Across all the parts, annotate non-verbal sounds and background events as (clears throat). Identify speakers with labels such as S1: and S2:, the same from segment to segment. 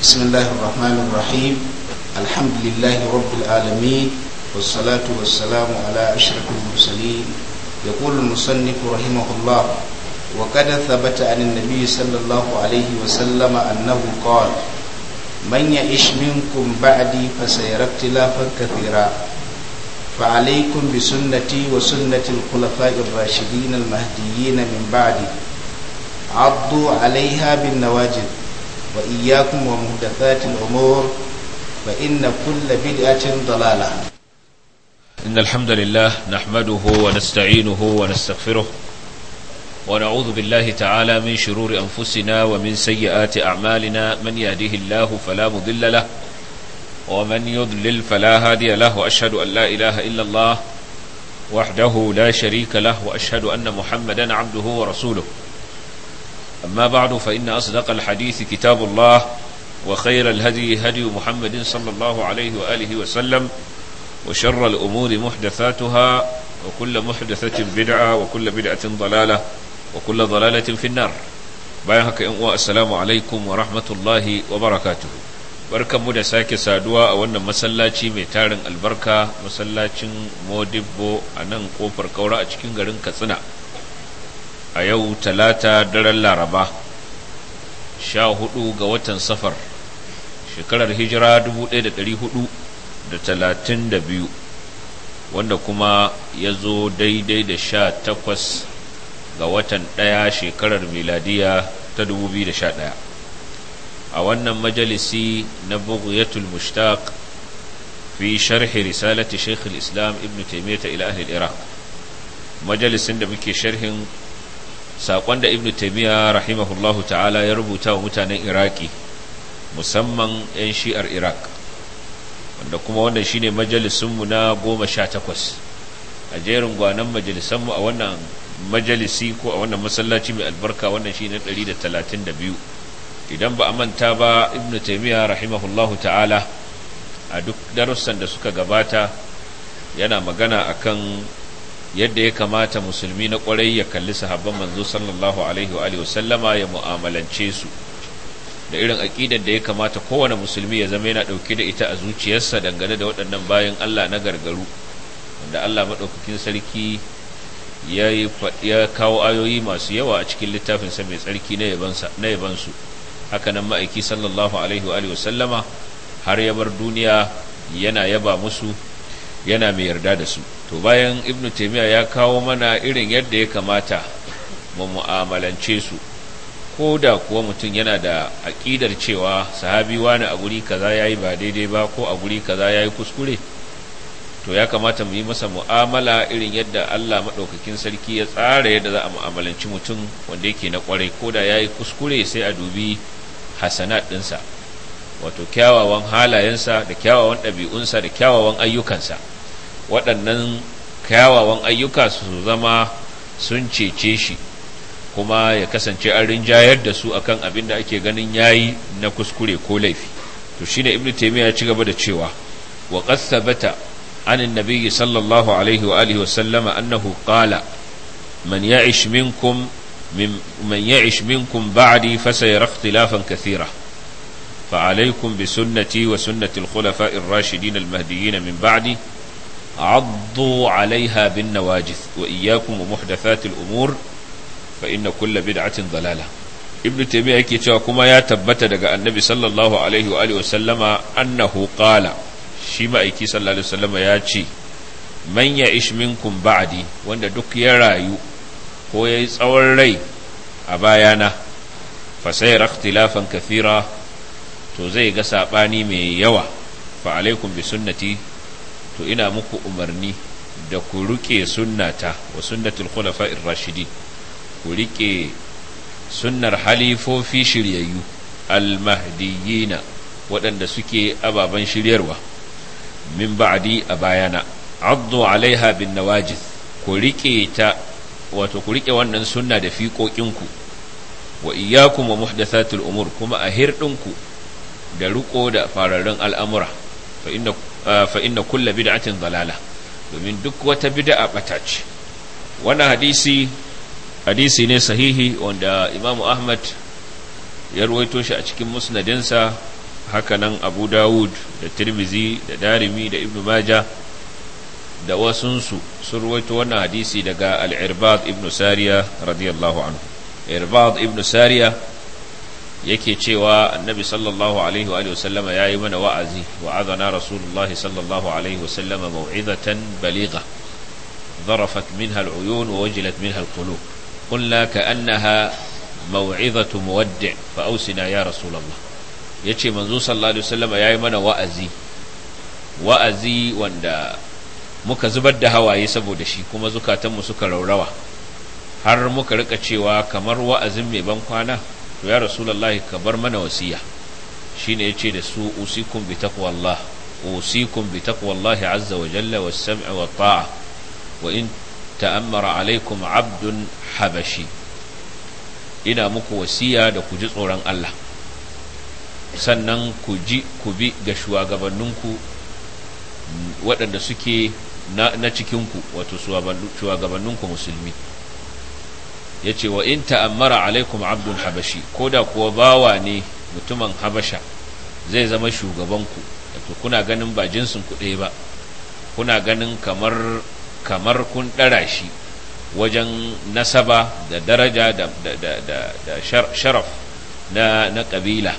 S1: بسم الله الرحمن الرحيم الحمد لله رب العالمين والصلاة والسلام على أشرف المرسلين يقول المصنف رحمه الله وقد ثبت عن النبي صلى الله عليه وسلم أنه قال من يعش منكم بعدي فسيرى اختلافا كثيرا فعليكم بسنتي وسنة الخلفاء الراشدين المهديين من بعدي عضوا عليها بالنواجذ وإياكم ومهدثات الأمور فإن كل بدعة ضلالة إن الحمد لله نحمده ونستعينه ونستغفره ونعوذ بالله تعالى من شرور أنفسنا ومن سيئات أعمالنا من يهده الله فلا مضل له ومن يضلل فلا هادي له وأشهد أن لا إله إلا الله وحده لا شريك له وأشهد أن محمدا عبده ورسوله أما بعد فإن أصدق الحديث كتاب الله وخير الهدي هدي محمد صلى الله عليه وآله وسلم وشر الأمور محدثاتها وكل محدثة بدعة وكل بدعة ضلالة وكل ضلالة في النار بايهك إن السلام عليكم ورحمة الله وبركاته barkan mu da sake saduwa a wannan masallaci mai tarin albarka masallacin modibbo a nan kofar kaura a cikin garin katsina a yau talata daren laraba sha hudu ga watan safar shekarar hijira da biyu, wanda kuma ya zo daidai da sha takwas ga watan ɗaya shekarar miladiya ta 2011 a wannan majalisi na bugiyatul mushtaq fi sharhi risalati shaikh islam ibn taimiyya ila ahli iraq majalisin da muke sharhin saƙon da ibn taimiyya rahimahullahu ta'ala ya rubuta wa mutanen iraki musamman 'yan shi'ar iraq wanda kuma wannan shine majalisunmu na goma sha takwas a jerin gwanon majalisanmu a wannan majalisi ko a wannan masallaci mai albarka wannan shine 132 idan ba a manta ba ibn taimiyya rahimahullahu ta'ala a duk darussan da suka gabata yana magana akan yadda ya kamata musulmi na kwarai ya kalli sahabban manzo sallallahu alaihi wa alihi sallama ya mu'amalance su da irin aƙidar da ya kamata kowane musulmi ya zama yana ɗauke da ita a zuciyarsa dangane da waɗannan bayan Allah na gargaru wanda Allah madaukakin sarki ya kawo ayoyi masu yawa a cikin littafin sa mai tsarki na yabansu haka nan ma'aiki sallallahu alaihi wa sallama har ya bar duniya yana yaba musu yana mai yarda da su to bayan ibn taymiya ya kawo mana irin yadda ya kamata mu mu'amalance su ko da kuwa mutum yana da aƙidar cewa sahabi wani a guri kaza yayi ba daidai ba ko a guri kaza yayi kuskure to ya kamata mu yi masa mu'amala irin yadda Allah madaukakin sarki ya tsara yadda za a mu'amalanci mutum wanda yake na kwarai ko da ya kuskure sai a dubi hasanat ɗinsa wato kyawawan halayensa da kyawawan ɗabi'unsa da kyawawan ayyukansa waɗannan kyawawan ayyuka su zama sun cece shi kuma ya kasance an rinjayar da su akan abin da ake ganin yayi na kuskure ko laifi to shine ibnu taymiya ya ci gaba da cewa wa qad thabata an annabi sallallahu alaihi wa alihi wa sallama annahu qala man ya'ish minkum من, من يعش منكم بعدي فسيرى فعليكم بسنتي وسنة الخلفاء الراشدين المهديين من بعدي عضوا عليها بالنواجذ وإياكم ومحدثات الأمور فإن كل بدعة ضلالة ابن تيمية يكي تشاكما يا تبت دقاء النبي صلى الله عليه وآله وسلم أنه قال شما أيكي صلى الله عليه وسلم يا تشي من يعيش منكم بعدي وأن دك يرايو هو يسأل لي أبايانا فسير اختلافا كثيرا to zai ga saɓani mai yawa fa alaikum bi sunnati to ina muku umarni da ku rike sunnata wa sunnatul khulafa'ir Rashidi. ku rike sunnar halifofi shiryayyu almahdiyina waɗanda suke ababen shiryarwa min ba'di a bayana addu alaiha bin nawajid ku rike ta wato ku rike wannan sunna da fiƙoƙinku wa iyyakum wa muhdathatul umur kuma a hirɗinku da riko da fararin al'amura ah, fa inna kulla bid'atin dalala domin duk wata bid'a bata ce wannan hadisi hadisi ne sahihi wanda imamu ahmad ya ruwaito shi a cikin musnadinsa hakanan abu dawud da tirmizi da darimi da ibnu maja da wasunsu sun ruwaito wannan hadisi daga al ibn sariya radiyallahu anhu irbad ibn sariya yake cewa annabi sallallahu alaihi wa sallama yi mana wa'azi wa'azana rasulullahi sallallahu alaihi wa sallama mau'izatan wa ظرفت min العيون ووجلت ka القلوب قلنا كأنها موعظة مودع فأوسنا يا رسول الله يتشي منذ صلى الله عليه وسلم يا من وأزي wa'azi wanda muka zubar da hawaye saboda shi kuma zukatanmu suka raurawa har muka rika cewa kamar wa'azin mai ban kwana to ya rasulullahi ka bar mana wasiya shine yace da su usikum bi taqwallah usikum bi taqwallahi azza wa jalla was sam'i wa ta'a wa in ta'ammara alaikum abdun habashi ina muku wasiya da ku ji tsoron Allah sannan ku ji ku bi ga shugabanninku waɗanda suke na, na cikinku wato shugabanninku musulmi ya ce wa in ta'ammara alaikum abdun habashi ko da kuwa bawa ne mutumin habasha zai zama shugabanku wato kuna ganin ba jinsin ku ba kuna ganin kamar kun ɗara shi wajen nasaba da daraja da, sharaf na, kabila ƙabila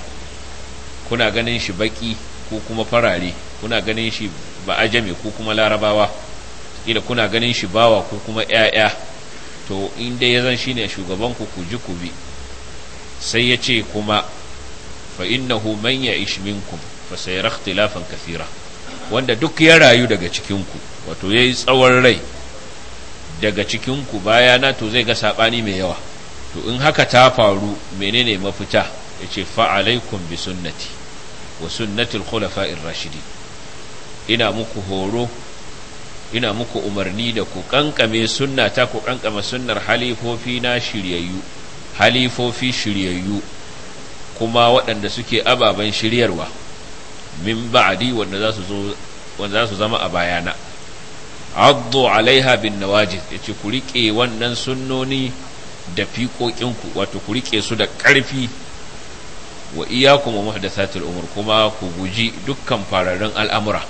S1: kuna ganin shi baƙi ko kuma farare kuna ganin shi ba ajami ko kuma larabawa kila kuna ganin shi bawa ko kuma 'ya'ya to in dai ya zan shine shugaban ku ku ji ku bi sai ya ce kuma fa innahu man ya'ish minkum fa sayara ikhtilafan kathira wanda duk ya rayu daga cikinku ku wato yayi tsawon rai daga cikin ku bayana to zai ga saɓani mai yawa to in haka ta faru menene mafita yace fa alaikum bi sunnati wa sunnati al-khulafa'ir rashidin ina muku horo ina muku umarni da ku kankame sunna ta ku kankama sunnar halifofi na shiryayyu halifofi shiryayyu kuma waɗanda suke ababen shiryarwa min ba'adi wanda za su wanda za zama a bayana addu alaiha bin nawajid yace ku riƙe wannan sunnoni da fiƙoƙinku wato ku riƙe su da ƙarfi wa iyyakum muhdathatil umur kuma ku guji dukkan fararen al'amura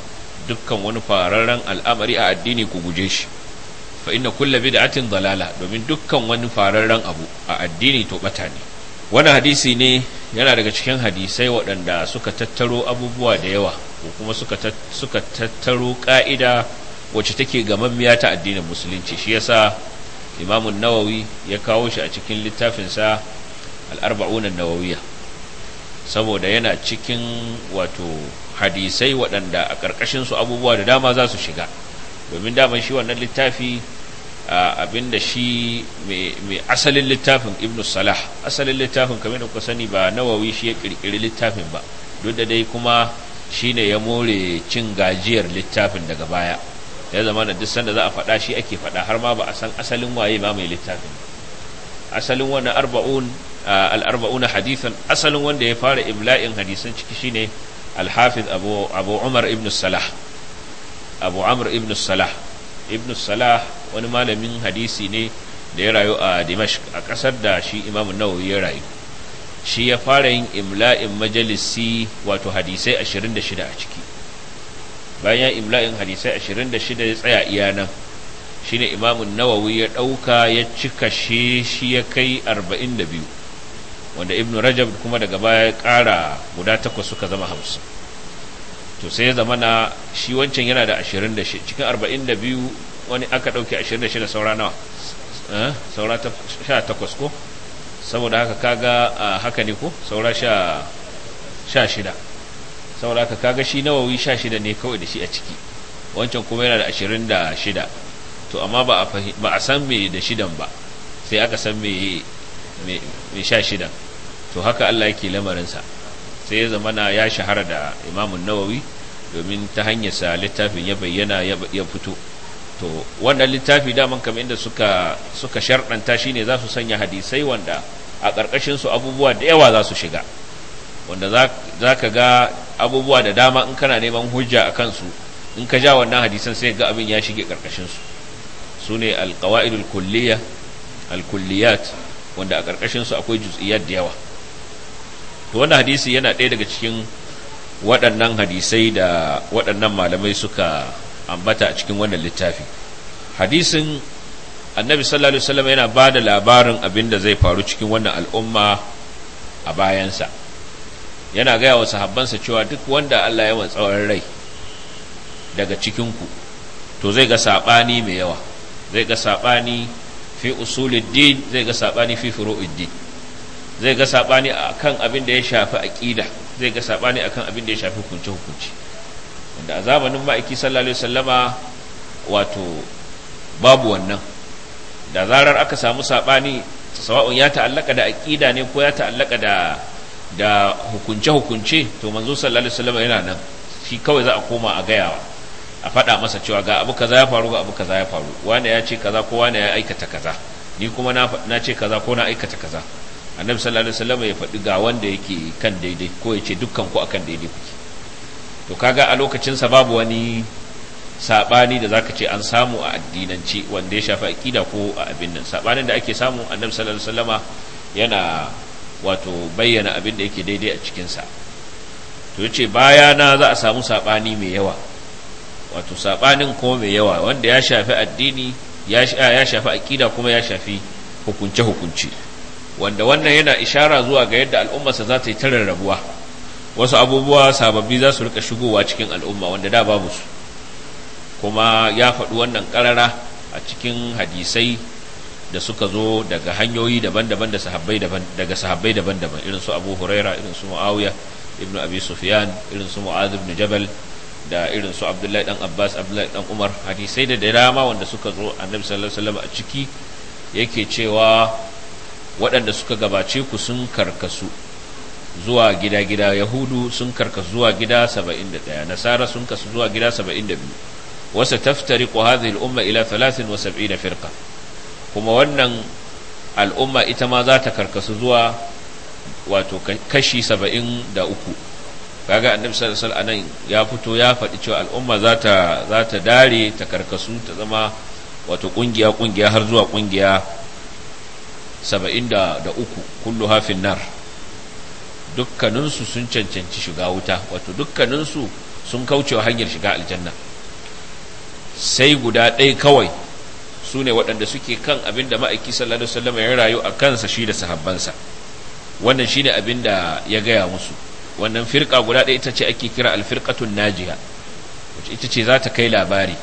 S1: dukkan wani fararren al'amari a addini ku guje shi fa inna kulla bid'atin dalala domin dukkan wani fararren abu a addini to bata ne wani hadisi ne yana daga cikin hadisai waɗanda suka tattaro abubuwa da yawa ko kuma suka suka tattaro ka'ida wacce take gamammiya ta addinin musulunci shi yasa imamun nawawi ya kawo shi a cikin littafinsa al-arba'una saboda yana cikin wato hadisai waɗanda a ƙarƙashin su abubuwa da dama za su shiga domin dama shi wannan littafi abin da shi mai asalin littafin ibn salah asalin littafin kamar da kuka sani ba nawawi shi ya ƙirƙiri littafin ba duk da dai kuma shi ne ya more cin gajiyar littafin daga baya ya zama da duk sanda za a faɗa shi ake faɗa har ma ba a san asalin waye ba mai littafin asalin wannan arba'un al-arba'una hadithan asalin wanda ya fara ibla'in hadisan ciki shine al-hafiz abu abu umar ibn salah abu amr ibn salah ibn salah wani malamin hadisi ne da ya rayu a dimashq a kasar da shi imam nawawi ya rayu shi ya fara yin imla'in majalisi wato hadisai 26 a ciki bayan imla'in hadisai 26 ya tsaya iya nan shine imamun nawawi ya ɗauka ya cika shi shi ya kai 42 wanda ibnu rajab kuma daga baya ya kara guda takwas suka zama hamsin to sai ya zama na shi wancan yana da ashirin da cikin arba'in da biyu wani aka ɗauke ashirin da shida saura nawa eh, saura sha takwas ko saboda haka kaga haka ne ko saura sha shida saboda haka kaga shi nawawi sha shida ne kawai da shi a ciki wancan kuma yana da ashirin da shida to amma ba a san me da shidan ba sai aka san me sha shidan to haka Allah yake lamarinsa sai ya zama na ya shahara da imamun nawawi domin ta hanyarsa littafin ya bayyana ya fito to wannan littafi daman kamar inda suka suka sharɗanta shine za su sanya hadisai wanda a ƙarƙashin su abubuwa da yawa za su shiga wanda za ka ga abubuwa da dama in kana neman hujja a kansu in ka ja wannan hadisan sai ga abin ya shige ƙarƙashin su su ne alƙawa'idul kulliyat wanda a ƙarƙashin su akwai juz'iyat da yawa to wannan hadisi yana ɗaya daga cikin waɗannan hadisai da waɗannan malamai suka ambata a cikin wannan littafi hadisin annabi sallallahu alaihi wasallam yana ba da labarin abin da zai faru cikin wannan al'umma a bayansa yana gaya wa sahabbansa cewa duk wanda Allah ya tsawon rai daga cikinku to zai ga saɓani mai yawa zai ga saɓani fi usulid din zai ga saɓani fi furu'id din zai ga sabani akan abin da ya shafi aqida zai ga sabani akan abin da ya shafi hukunce hukunci wanda a zamanin ma'aiki sallallahu alaihi wasallama wato babu wannan da zarar aka samu sabani sawa'un ya ta'allaka da aqida ne ko ya ta'allaka da da hukunce hukunce to manzo sallallahu alaihi wasallama yana nan shi kawai za a koma a gayawa a faɗa masa cewa ga abu kaza ya faru ga abu kaza ya faru wane ya ce kaza ko wane ya aikata kaza ni kuma na ce kaza ko na aikata kaza annabi sallallahu alaihi wasallam ya faɗi ga wanda yake kan daidai ko ya ce dukkan ku akan daidai kuke to kaga a lokacin sa babu wani sabani da zaka ce an samu a addinanci wanda ya shafi aqida ko a abin nan sabanin da ake samu annabi sallallahu alaihi wasallama yana wato bayyana abin da yake daidai a cikin sa to yace baya na za a samu sabani mai yawa wato sabanin ko mai yawa wanda ya shafi addini ya shafi aqida kuma ya shafi hukunce hukunce wanda wannan yana ishara zuwa ga yadda al'ummarsa za ta yi tarin rabuwa wasu abubuwa sababbi za su rika shigowa cikin al'umma wanda da babu su kuma ya faɗi wannan ƙarara a cikin hadisai da suka zo daga hanyoyi daban-daban da sahabbai daban daga sahabbai daban-daban irin su Abu Huraira irin su Muawiya ibn Abi Sufyan irin su Mu'adh ibn Jabal da irin su Abdullahi dan Abbas Abdullahi dan Umar hadisai da dama wanda suka zo Annabi sallallahu alaihi wasallam a ciki yake cewa waɗanda suka gabace ku sun karkasu zuwa gida-gida yahudu sun karkasu zuwa gida 71 nasara sun kasu zuwa gida 72 wasa taftari ku hadhihi al'umma ila 73 firka. kuma wannan al'umma ita ma za ta karkasu zuwa wato kashi 73 kaga annabi sallallahu alaihi wasallam ya fito ya faɗi cewa al'umma za ta za ta dare ta karkasu ta zama wato kungiya kungiya har zuwa kungiya saba'in da uku kullu hafin nar dukkaninsu sun cancanci shiga wuta wato dukkaninsu sun kaucewa hanyar shiga aljanna sai guda ɗaya kawai su ne waɗanda suke kan abin da ma'aiki sallallahu alaihi wasallam ya rayu a kansa shi da sahabbansa wannan shine abin da ya gaya musu wannan firka guda ɗaya ita ce ake kira alfirkatun najiya ita ce za ta kai labari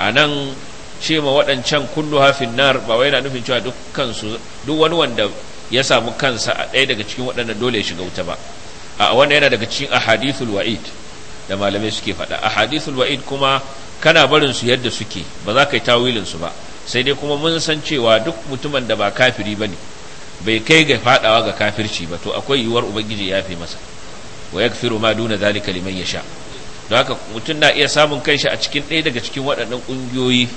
S1: a nan ce ma waɗancan kullu hafin nar ba wai yana nufin cewa dukkan su duk wani wanda ya samu kansa a ɗaya daga cikin waɗannan dole ya shiga wuta ba a wannan yana daga cikin ahadithul wa'id da malamai suke faɗa ahadithul wa'id kuma kana barin su yadda suke ba za ka yi tawilin su ba sai dai kuma mun san cewa duk mutumin da ba kafiri ba ne bai kai ga faɗawa ga kafirci ba to akwai yiwuwar ubangiji ya fi masa wa yakfiru ma duna zalika liman sha. don haka mutum na iya samun kanshi a cikin ɗaya daga cikin waɗannan ƙungiyoyi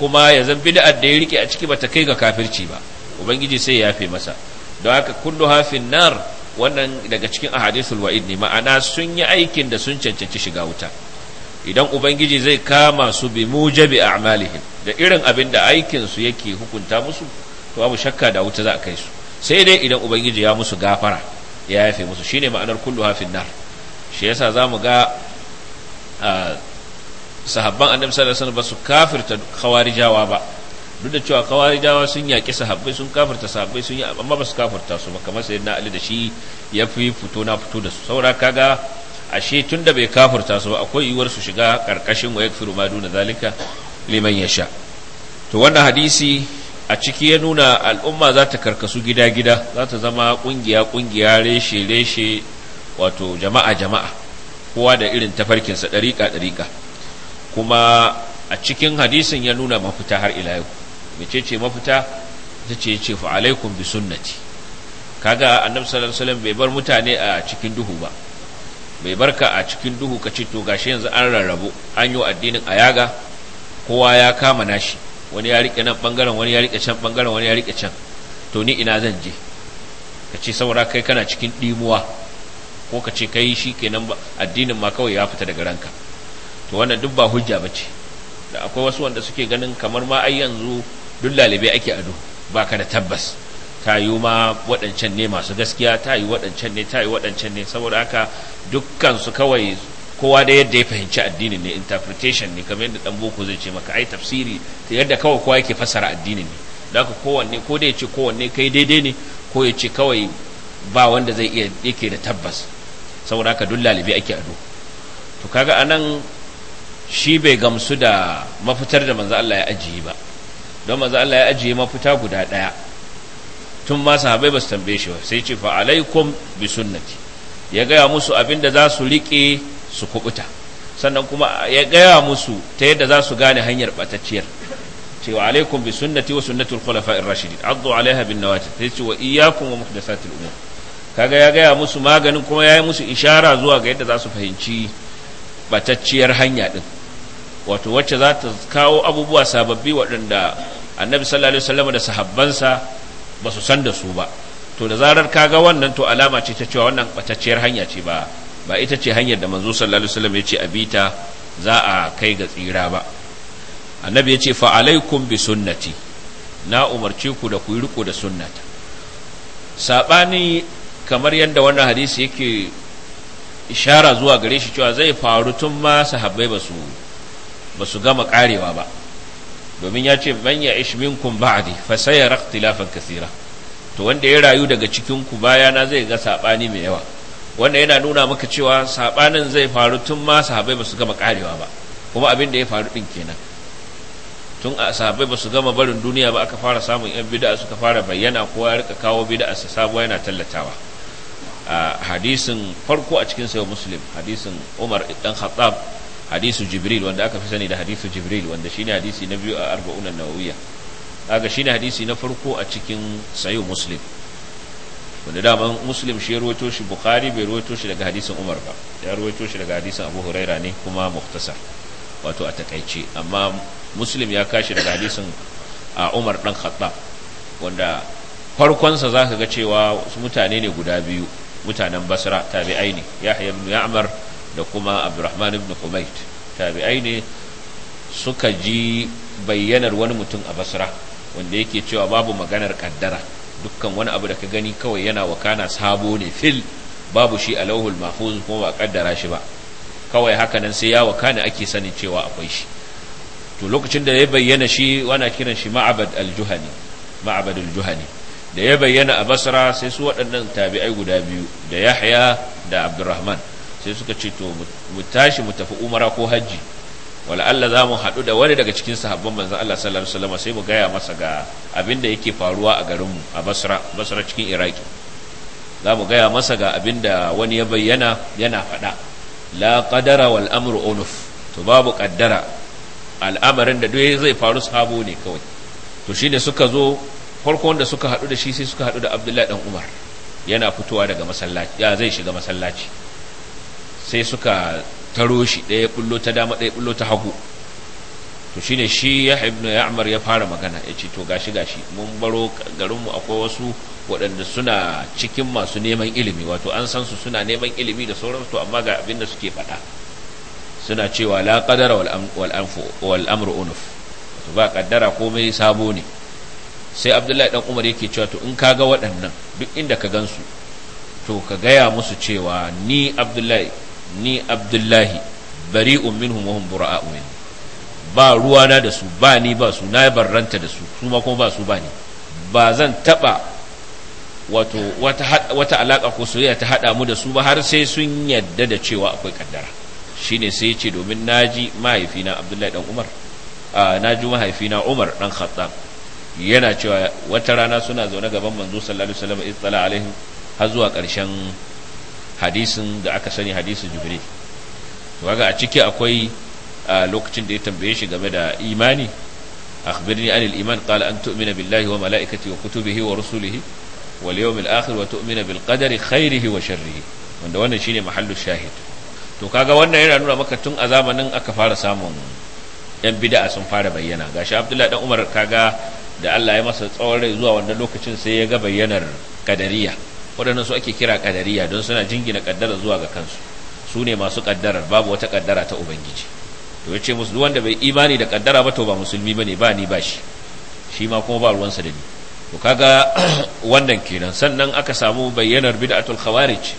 S1: kuma ya zan bid'ar da ya rike a ciki bata kai ga kafirci ba ubangiji sai ya yafe masa don haka kullu hafin nar wannan daga cikin ahadithul wa'id ne ma'ana sun yi aikin da sun cancanci shiga wuta idan ubangiji zai kama su bi mujabi a'malihim da irin abin da aikin su yake hukunta musu to babu shakka da wuta za a kai su sai dai idan ubangiji ya musu gafara ya yafe musu shine ma'anar kullu hafin nar shi yasa mu ga ah, sahabban annabi sallallahu alaihi wasallam ba su kafirta khawarijawa ba duk da cewa khawarijawa sun yaƙi sahabbai sun kafirta sahabbai sun yi amma ba su kafirta su ba kamar na ali da shi ya fi fito na fito da su saura kaga ashe tun da bai kafirta su ba akwai yiwuwar su shiga karkashin wa yakfiru ma duna zalika liman yasha to wannan hadisi a ciki ya nuna al'umma za ta karkasu gida-gida za ta zama kungiya-kungiya reshe-reshe wato jama'a-jama'a kowa da irin tafarkinsa ɗariƙa-ɗariƙa kuma a cikin hadisin ya nuna mafita har ila yau ce mafita ta ce ce fa alaikum bi sunnati kaga annabi sallallahu alaihi wasallam bai bar mutane a cikin duhu ba bai barka a cikin duhu ka ce to gashi yanzu an rarrabu an yi addinin ayaga kowa ya kama nashi wani ya rike nan bangaren wani ya rike can bangaren wani ya rike can to ni ina zan je ka ce saboda kai kana cikin dimuwa ko ka ce kai shi kenan addinin ma kawai ya fita daga ranka to wannan duk ba hujja ba ce da akwai wasu wanda suke ganin kamar ma ai yanzu duk lalibe ake ado ba ka da tabbas ta yi ma waɗancan ne masu gaskiya ta yi waɗancan ne ta yi waɗancan ne saboda haka dukkan su kawai kowa da yadda ya fahimci addinin ne interpretation ne kamar yadda dan boko zai ce maka ai tafsiri ta yadda kawai kowa yake fassara addinin ne da haka kowanne ko da ya ce kowanne kai daidai ne ko ya ce kawai ba wanda zai iya yake da tabbas saboda haka duk lalibe ake ado to kaga anan shi bai gamsu da mafitar da manzo Allah ya ajiye ba don manzo Allah ya ajiye mafita guda ɗaya tun ma sahabbai ba tambaye shi ba sai ce fa alaikum bi sunnati ya gaya musu abin da za su riƙe su kubuta sannan kuma ya gaya musu ta yadda za su gane hanyar batacciyar ce wa alaikum bi sunnati wa sunnati khulafair rashidin addu alaiha bin nawajid sai ce wa iyyakum wa muhdathatil umur kaga ya gaya musu maganin kuma ya yi musu ishara zuwa ga yadda za su fahimci batacciyar hanya din wato wacce za ta kawo abubuwa sababbi waɗanda annabi sallallahu alaihi wasallam da sahabbansa ba su san da su ba to da zarar ka ga wannan to alama ce ta cewa wannan batacciyar hanya ce ba ba ita ce hanyar da manzo sallallahu alaihi wasallam ya ce abita za a kai ga tsira ba annabi ya ce fa alaikum bi sunnati na umarci ku da ku yi riko da sunnata sabani kamar yadda wannan hadisi yake ishara zuwa gare shi cewa zai faru tun ma sahabbai ba su ba su gama karewa ba domin ya ce man ya ish minkum ba'di fa sayara ikhtilafan kathira to wanda ya rayu daga cikin ku bayana zai ga sabani mai yawa wanda yana nuna maka cewa sabanin zai faru tun ma sahabai ba su gama karewa ba kuma abin da ya faru din kenan tun a sahabbai ba su gama barin duniya ba aka fara samun yan bid'a suka fara bayyana kowa ya rika kawo bid'a sa sabuwa yana tallatawa a hadisin farko a cikin sayo muslim hadisin umar dan khattab hadisu jibril wanda aka fi sani da hadisu jibril wanda shine hadisi na biyu a arba'un an kaga shine hadisi na farko a cikin sayu muslim wanda dama muslim shi ruwaito shi bukhari bai ruwaito shi daga hadisin umar ba ya ruwaito shi daga hadisin abu huraira ne kuma muhtasar wato a takaice amma muslim ya kashi daga hadisin a umar dan khattab wanda farkonsa za ka ga cewa mutane ne guda biyu mutanen basra tabi'ai ne yahya ibn ya'mar da kuma abdurrahman ibn Kumait tabi'ai ne suka ji bayyanar wani mutum a basra wanda yake cewa babu maganar kaddara dukkan wani abu da ka gani kawai yana wakana sabo ne fil babu shi a lauhul mahfuz kuma ba kaddara shi ba kawai haka nan sai ya wakana ake sanin cewa akwai shi to lokacin da ya bayyana shi wana kiran shi ma'abad al-juhani ma'abad al-juhani da ya bayyana a basra sai su waɗannan tabi'ai guda biyu da yahya da abdurrahman sai suka ce to mu tashi mu tafi umara ko hajji wala Allah za mu haɗu da wani daga cikin sahabban manzon Allah sallallahu alaihi wasallam sai mu gaya masa ga abin da yake faruwa a garin a Basra Basra cikin Iraki za mu gaya masa ga abin da wani ya bayyana yana faɗa la qadara wal amru unuf to babu qaddara al'amarin da duk zai faru sabo ne kawai to shine suka zo farko wanda suka haɗu da shi sai suka haɗu da Abdullahi dan Umar yana fitowa daga masallaci ya zai shiga masallaci sai suka taro shi ɗaya bullo ta dama ɗaya bullo ta hagu to shine shi ya ibn ya'mar ya fara magana ya ce to gashi gashi mun baro garinmu akwai wasu waɗanda suna cikin masu neman ilimi wato an san su suna neman ilimi da sauransu to amma ga abin da suke faɗa suna cewa la qadara wal amru unuf to ba kaddara komai sabo ne sai abdullahi dan umar yake cewa to in ka ga waɗannan duk inda ka gansu to ka gaya musu cewa ni abdullahi ni abdullahi bari'un minhum wa hum bura'u ba ruwana da su ba ni ba su na barranta da su su kuma ba su ba ni ba zan taɓa wato wata wata alaka ko soyayya ta haɗa mu da su ba har sai sun yadda da cewa akwai kaddara shine sai ya ce domin naji mahaifina abdullahi dan umar a naji mahaifina umar dan khattab yana cewa wata rana suna zaune gaban manzo sallallahu alaihi wasallam ittala alaihim har zuwa ƙarshen hadisin da aka sani hadisin jibril waga a ciki akwai lokacin da ya tambaye shi game da imani akhbirni anil iman qala an tu'mina billahi wa mala'ikati wa kutubihi wa rusulihi wal yawmil akhir wa tu'mina bil qadari khairihi wa sharrihi wanda wannan shine mahallu shahid to kaga wannan yana nuna maka tun a zamanin aka fara samun yan bid'a sun fara bayyana gashi Abdullahi dan Umar kaga da Allah ya masa tsawon rai zuwa wannan lokacin sai ya ga bayyanar kadariya waɗannan su ake kira ƙadariya don suna jingina ƙaddara zuwa ga kansu su ne masu ƙaddarar babu wata ƙaddara ta ubangiji to yace musu duk wanda bai imani da ƙaddara ba to ba musulmi bane ba ni ba shi shi ma kuma ba ruwansa da ni to kaga (clears throat) wannan kenan sannan aka samu bayyanar bid'atul khawarij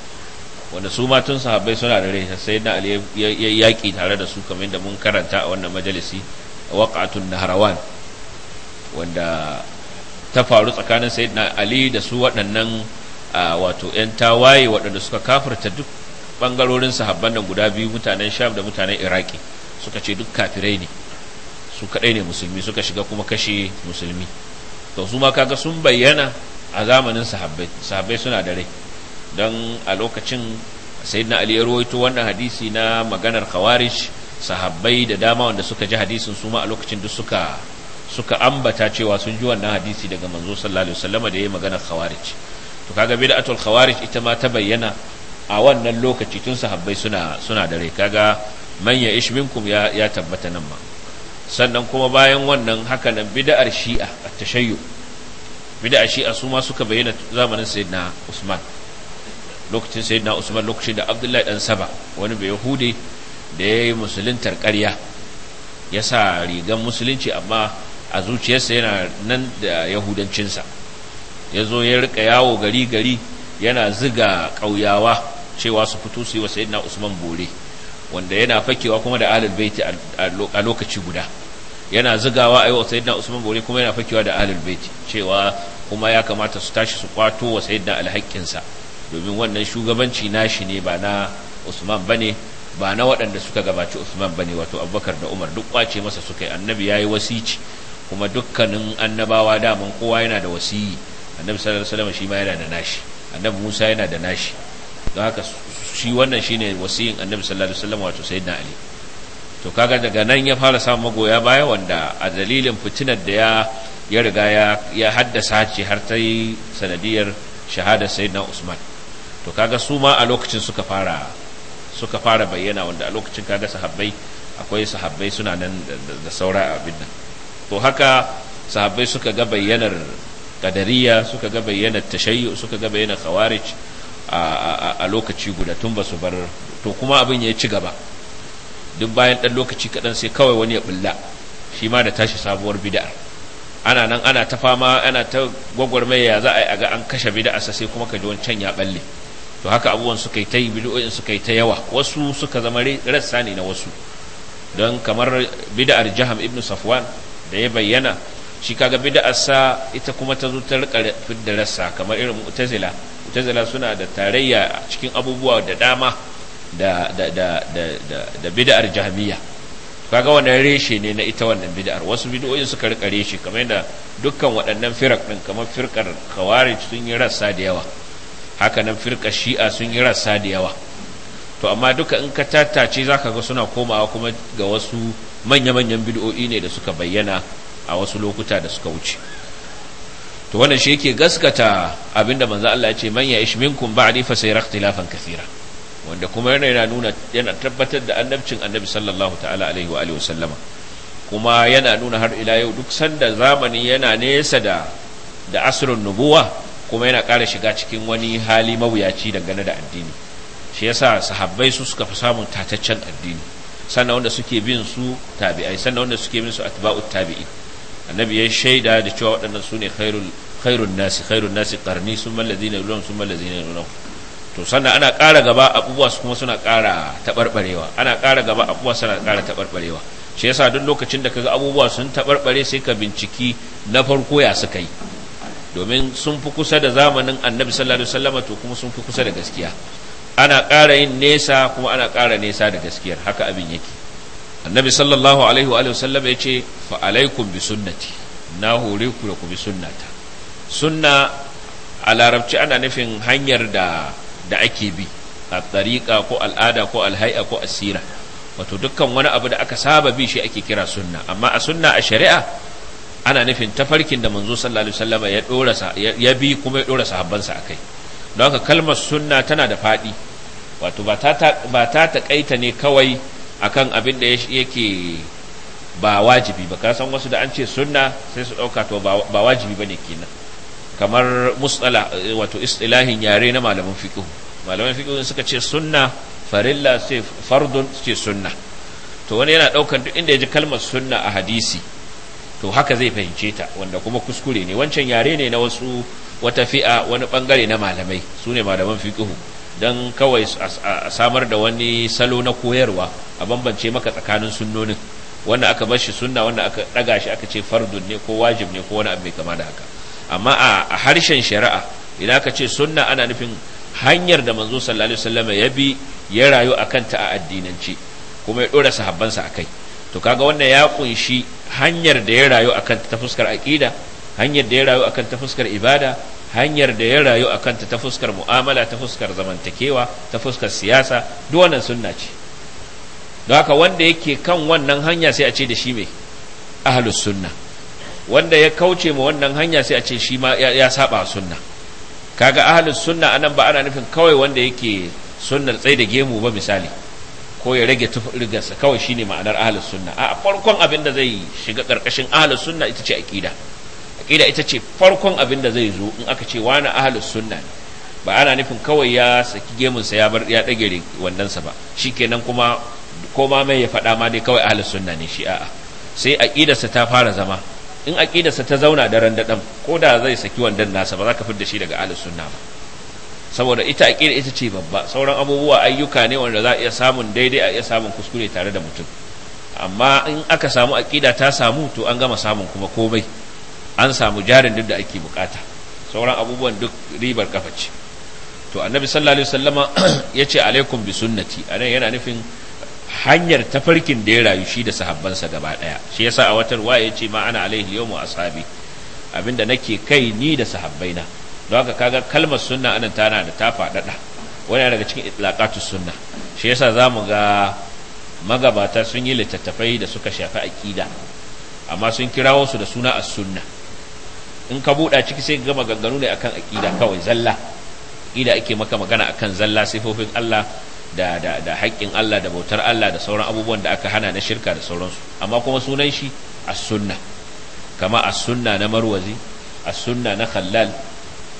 S1: wanda su ma tun sahabbai suna da rai sai na ali ya yaƙi tare da su kamar da mun karanta a wannan majalisi waqatun naharawan wanda ta faru tsakanin sayyidina ali da su waɗannan A wato 'yan tawaye waɗanda suka kafarta duk ɓangarorin sahabban nan guda biyu mutanen sham da mutanen iraki suka ce duk kafirai ne su kaɗai ne musulmi suka shiga kuma kashe musulmi to su ma kaga sun bayyana a zamanin sahabbai suna da rai don a lokacin sayyidina ali ya rawaito wannan hadisi na maganar khawarij sahabbai da dama wanda suka ji hadisin su ma a lokacin duk suka suka ambata cewa sun ji wannan hadisi daga manzo sallallahu alaihi wasallam da yayi maganar khawarij to kaga bid'atul khawarij ita ma ta bayyana a wannan lokaci tun sahabbai suna suna da rai kaga man ya ish minkum ya ya tabbata nan ma sannan kuma bayan wannan haka nan bid'ar shi'a at-tashayyu bid'ar shi'a su ma suka bayyana zamanin sayyidina Usman lokacin sayyidina Usman lokacin da Abdullahi dan Saba wani bai yahude da yayi musuluntar ƙarya ya sa rigan musulunci amma a zuciyarsa yana nan da yahudancinsa ya zo ya rika yawo gari gari yana ziga ƙauyawa cewa su fito su yi wa sayyidina usman bore wanda yana fakewa kuma da ahlul baiti a lokaci guda yana zigawa ayi wa sayyidina usman bore kuma yana fakewa da ahlul baiti cewa kuma ya kamata su tashi su kwato wa sayyidina sa domin wannan shugabanci nashi ne ba na usman bane ba na waɗanda suka gabaci usman bane wato abubakar da umar duk kwace masa suka yi annabi yayi wasici kuma dukkanin annabawa daman kowa yana da wasiyi annabi sallallahu alaihi wasallam shi ma yana da nashi annabi Musa yana da nashi don haka shi wannan shine wasiyin annabi sallallahu alaihi wasallam wato sayyidina Ali to kaga daga nan ya fara samun magoya baya wanda a dalilin fitinar da ya ya riga ya haddasa ce har ta yi sanadiyar shahada sayyidina Usman to kaga su ma a lokacin suka fara suka fara bayyana wanda a lokacin kaga sahabbai akwai sahabbai suna nan da saura abin nan to haka sahabbai suka ga bayyanar kadariya suka ga bayyana tashayyu suka ga bayyana khawarij a lokaci guda tun ba su bar to kuma abin ya ci gaba duk bayan ɗan lokaci kaɗan sai kawai wani ya bulla shi ma da tashi sabuwar bid'a ana nan ana ta fama ana ta gwagwarmaya ya za a yi a ga an kashe bid'arsa sai kuma ka ji wancan ya balle to haka abubuwan suka yi ta yi bid'o'in suka yi ta yawa wasu suka zama rassa ne na wasu don kamar bid'ar jaham ibn safwan da ya bayyana shi kaga sa ita kuma ta zo ta rika fidda rassa kamar irin mu'tazila mu'tazila suna da tarayya cikin abubuwa da dama da da da da da, da bid'ar jahmiya kaga wannan reshe ne na ita wannan bid'ar wasu bid'o'in suka rika reshe kamar yadda dukkan waɗannan firak din kamar firkar khawarij sun yi rassa da yawa haka nan firkar shi'a sun yi rassa da yawa to amma duka in ka tattace zaka ga suna komawa kuma ga wasu manya-manyan bid'o'i ne da suka bayyana a wasu lokuta da suka wuce to wannan shi yake gaskata abinda manzo Allah ya ce man ya'ish minkum ba'di fa sayara ikhtilafan kathira wanda kuma yana yana nuna yana tabbatar da annabcin annabi sallallahu ta'ala alaihi wa alihi wasallama kuma yana nuna har ila yau duk sanda zamani yana nesa da da asrun nubuwa kuma yana ƙara shiga cikin wani hali mawuyaci dangane da addini shi yasa sahabbai su suka fi samun tataccen addini sannan wanda suke bin su tabi'ai sannan wanda suke bin su atba'ut tabi'i annabi ya shaida da cewa waɗannan su ne khairun nasi khairun nasi karni sun mallazina yulun sun mallazina yulun to sannan ana ƙara gaba abubuwa su kuma suna ƙara taɓarɓarewa ana ƙara gaba abubuwa suna ƙara taɓarɓarewa shi yasa duk lokacin da ga abubuwa sun taɓarɓare sai ka binciki na farko ya suka yi domin sun fi kusa da zamanin annabi sallallahu alaihi wasallam to kuma sun fi kusa da gaskiya ana ƙara yin nesa kuma ana ƙara nesa da gaskiyar haka abin yake annabi sallallahu alaihi wa sallam ya ce fa alaikum bi sunnati na hore ku da ku bi sunnata sunna a larabci ana nufin hanyar da da ake bi a tsariƙa ko al'ada ko alhai'a ko asira wato dukkan wani abu da aka saba bi shi ake kira sunna amma a sunna a shari'a ana nufin tafarkin da manzo sallallahu alaihi wasallam ya dora ya bi kuma ya dora sahabbansa akai don haka kalmar sunna tana da faɗi wato ba ta ba ta takaita ne kawai akan abin da yake ba wajibi ba ka san wasu da an ce sunna sai su ɗauka to ba wajibi ba ne kenan kamar musala eh, wato istilahin yare na malaman fiqh malaman fiqh suka ce sunna farilla sai fardun ce sunna to wani yana ɗaukan duk inda ya ji kalmar sunna a hadisi to haka zai fahimce ta wanda kuma kuskure ne wancan yare ne na wasu wata fi'a wani bangare na malamai su ne malaman fiqh don kawai a samar da wani salo na koyarwa a bambance maka tsakanin sunnonin wanda aka bar shi sunna wanda aka daga shi aka ce fardun ne ko wajib ne ko wani abu mai kama da haka amma a harshen shari'a idan aka ce sunna ana nufin hanyar da manzo sallallahu alaihi wasallam ya bi ya rayu akan ta a addinance kuma ya dora sahabbansa akai to kaga wannan ya kunshi hanyar da ya rayu akan ta fuskar aqida hanyar da ya rayu akan ta fuskar ibada hanyar da ya rayu a kanta ta fuskar mu'amala ta fuskar zamantakewa ta fuskar siyasa duk wannan sunna ce don haka wanda yake kan wannan hanya sai a ce da shi mai ahlus sunna wanda ya kauce ma wannan hanya sai a ce shi ma ya saba sunna kaga ahlus sunna anan ba ana nufin kawai wanda yake sunnar tsaye da gemu ba misali ko ya rage sa kawai shine ma'anar ahlus sunna a farkon abin da zai shiga karkashin ahlus sunna ita ce aqida aqida ita ce farkon abin da zai zo in aka ce wani ahlus sunna ne ba ana nufin kawai ya saki gemunsa ya bar ya dage wandansa ba shikenan kuma ko ma mai ya faɗa ma dai kawai ahlus sunna ne shi a'a sai aƙidarsa ta fara zama in aƙidarsa ta zauna daren daɗan ko da zai saki wandan nasa ba za ka fidda shi daga ahlus sunna ba saboda ita aqida ita ce babba sauran abubuwa ayyuka ne wanda za a iya samun daidai a iya samun kuskure tare da mutum amma in aka samu aqida ta samu to an gama samun kuma komai an samu jarin duk da ake bukata sauran abubuwan duk ribar kafa ce to annabi sallallahu alaihi wasallama (clears throat) ya alaikum bi sunnati anan yana nufin hanyar tafarkin da ya rayu shi da sahabbansa gaba daya shi yasa a watar wa ya ce ma ana alaihi yawmu ashabi abinda nake kai ni da sahabbaina don haka kaga kalmar sunna anan tana da ta faɗaɗa wani daga cikin itlaqatus sunna shi yasa zamu ga magabata sun yi littattafai da suka shafi aqida amma sun kirawo su da suna as-sunna in ka buɗa ciki sai ga maganganu ne akan aƙida kawai zalla aƙida ake maka magana akan zalla sifofin Allah da da da haƙƙin Allah da bautar Allah da sauran abubuwan da aka hana na shirka da sauransu amma kuma sunan shi as-sunna kama as-sunna na Marwazi as-sunna na Khallal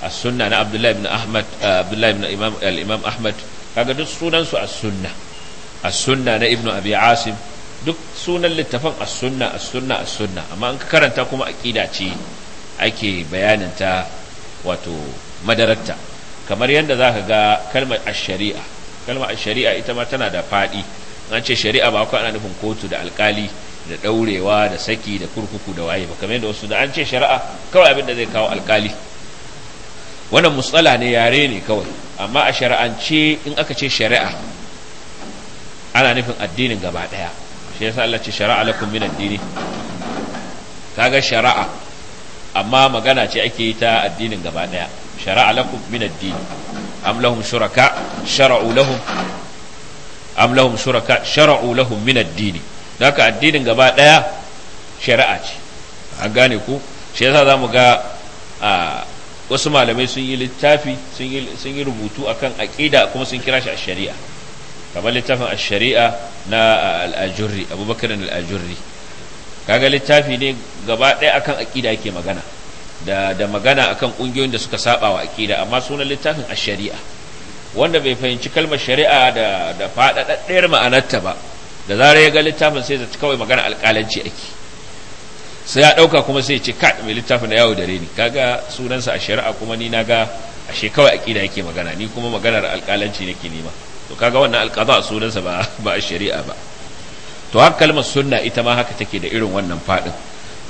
S1: as-sunna na Abdullah ibn Ahmad eh, Abdullah ibn Imam al-Imam Ahmad kaga duk sunan su as-sunna as-sunna na Ibn Abi Asim duk sunan littafin as-sunna as-sunna as-sunna amma an karanta kuma aqida ce ake bayaninta wato madararta kamar yadda za ka ga kalmar shari'a. kalmar shari'a ita ma tana da faɗi an ce shari'a ba kawai ana nufin kotu da alkali da ɗaurewa da saki da kurkuku da waye ba kamar yadda wasu da an ce shari'a kawai abin da zai kawo alkali wannan mutsala ne yare ne kawai amma a shari'ance in aka ce shari'a ana nufin addinin gaba ɗaya shi yasa Allah ce shari'a lakum min addini kaga shari'a amma magana ce ake yi ta addinin gaba daya shara'a lakum min ad-din am lahum shuraka shara'u lahum am lahum shuraka shara'u lahum min ad-din haka addinin gaba daya shari'a ce A gane ku shi yasa zamu ga wasu malamai sun yi littafi sun yi rubutu akan aqida kuma sun kira shi ash shari'a kamar littafin a shari'a na al-ajurri abubakar al-ajurri kaga littafi ne gaba ɗaya akan aƙida yake magana da da magana akan ƙungiyoyin da suka saba wa aƙida amma sunan littafin a shari'a wanda bai fahimci kalmar shari'a da da faɗaɗaɗɗiyar ma'anarta ba da zarar ya ga littafin sai zai kawai magana alƙalanci ake sai ya ɗauka kuma sai ce kat mai littafin da yawo dare ni kaga sunansa a shari'a kuma ni naga ashe kawai aƙida yake magana ni kuma maganar alƙalanci nake nema to kaga wannan a sunansa ba ba a shari'a ba to haka kalmar sunna ita ma haka take da irin wannan faɗin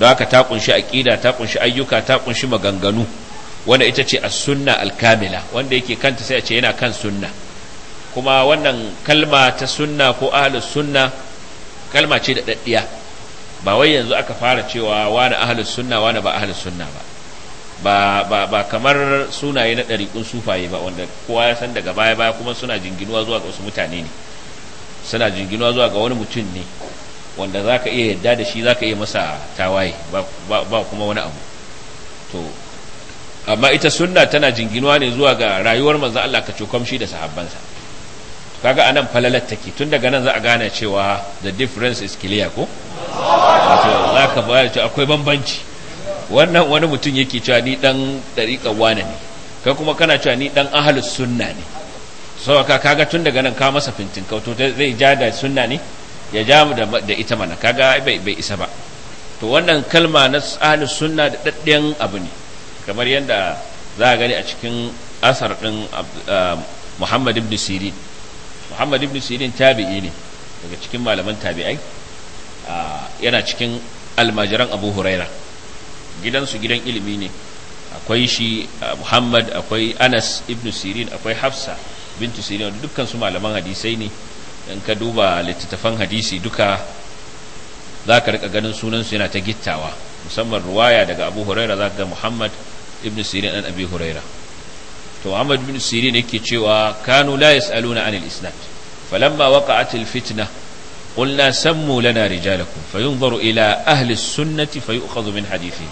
S1: don haka ta kunshi aƙida ta kunshi ayyuka ta kunshi maganganu wanda ita ce as-sunna al-kamila wanda yake kanta sai a ce yana kan sunna kuma wannan kalma ta sunna ko ahlus sunna kalma ce da daddiya ba wai yanzu aka fara cewa wani ahlus sunna wani ba ahlus sunna ba ba ba ba kamar sunaye na ɗariƙun sufaye ba wanda kowa ya san daga baya baya kuma suna jinginuwa zuwa ga wasu mutane ne suna jinginuwa zuwa ga wani mutum ne wanda za ka iya yadda da shi za ka iya masa tawaye ba kuma wani abu to amma ita sunna tana jinginuwa ne zuwa ga rayuwar manzo Allah ka cokam shi da sahabbansa kaga anan falalar take tun daga nan za a gane cewa the difference is clear ko za ka bayar cewa akwai bambanci wannan wani mutum yake cewa ni dan dariƙar wane ne kai kuma kana cewa ni dan ahlus sunna ne sauka kaga tun daga nan ka masa fintin kauto zai ja da sunna ne ya ja da ita mana kaga bai isa ba to wannan kalma na tsani sunna da daddiyan abu ne kamar yadda za a gani a cikin asar din ah, Muhammad ibn Sirin Muhammad ibn Sirin tabi'i ne daga cikin malaman tabi'ai ah, yana cikin almajiran Abu Huraira gidansu gidan ilimi ne akwai shi ah, Muhammad akwai Anas ibn Sirin akwai Hafsa bintu sirin wanda dukkan su malaman hadisai ne in ka duba littattafan hadisi duka za ka rika ganin sunansu yana ta gittawa musamman ruwaya daga abu huraira za ga muhammad ibn sirin an abi huraira to muhammad ibn sirin yake cewa kanu la yasaluna anil isnad falamma waqa'at al fitna قلنا سموا لنا رجالكم فينظر إلى أهل السنة فيؤخذ من حديثهم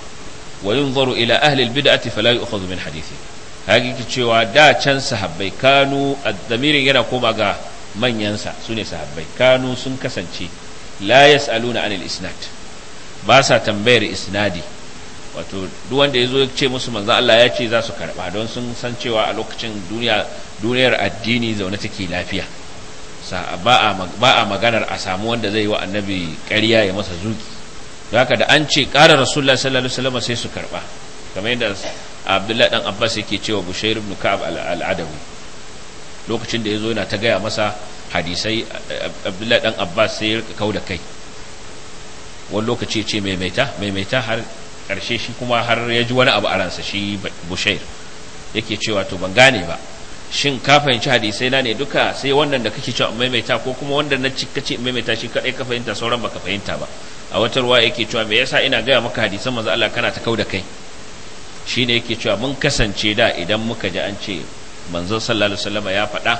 S1: وينظر إلى أهل البدعة فلا يؤخذ من حديثهم hakiki cewa da can sahabbai kanu addamirin yana koma ga manyansa su ne sahabbai kanu sun kasance la yas'aluna anil isnad ba sa tambayar isnadi wato duk wanda yazo ya ce musu manzon Allah ya ce za su karba don sun san cewa a lokacin duniya duniyar addini zaune take lafiya ba a maganar a samu wanda zai yi wa annabi ƙarya ya masa zuki haka da an ce ƙara rasulullah sallallahu alaihi wasallam sai su karba kamar yadda abdullahi dan abbas yake cewa bushair ibn ka'ab al-adawi lokacin da yazo yana ta gaya masa hadisai abdullahi dan abbas sai ya kau da kai wani lokaci ce maimaita maimaita har karshe shi kuma har ya ji wani abu a ransa shi bushair yake cewa to ban gane ba shin ka fahimci hadisai na ne duka sai wannan da kake cewa maimaita ko kuma wanda na cika ce maimaita shi kadai ka fahimta sauran baka fahimta ba a wata ruwa yake cewa me yasa ina gaya maka hadisan manzo Allah kana ta kau da kai shine yake cewa mun kasance da idan muka ji an ce manzon sallallahu alaihi wasallam ya faɗa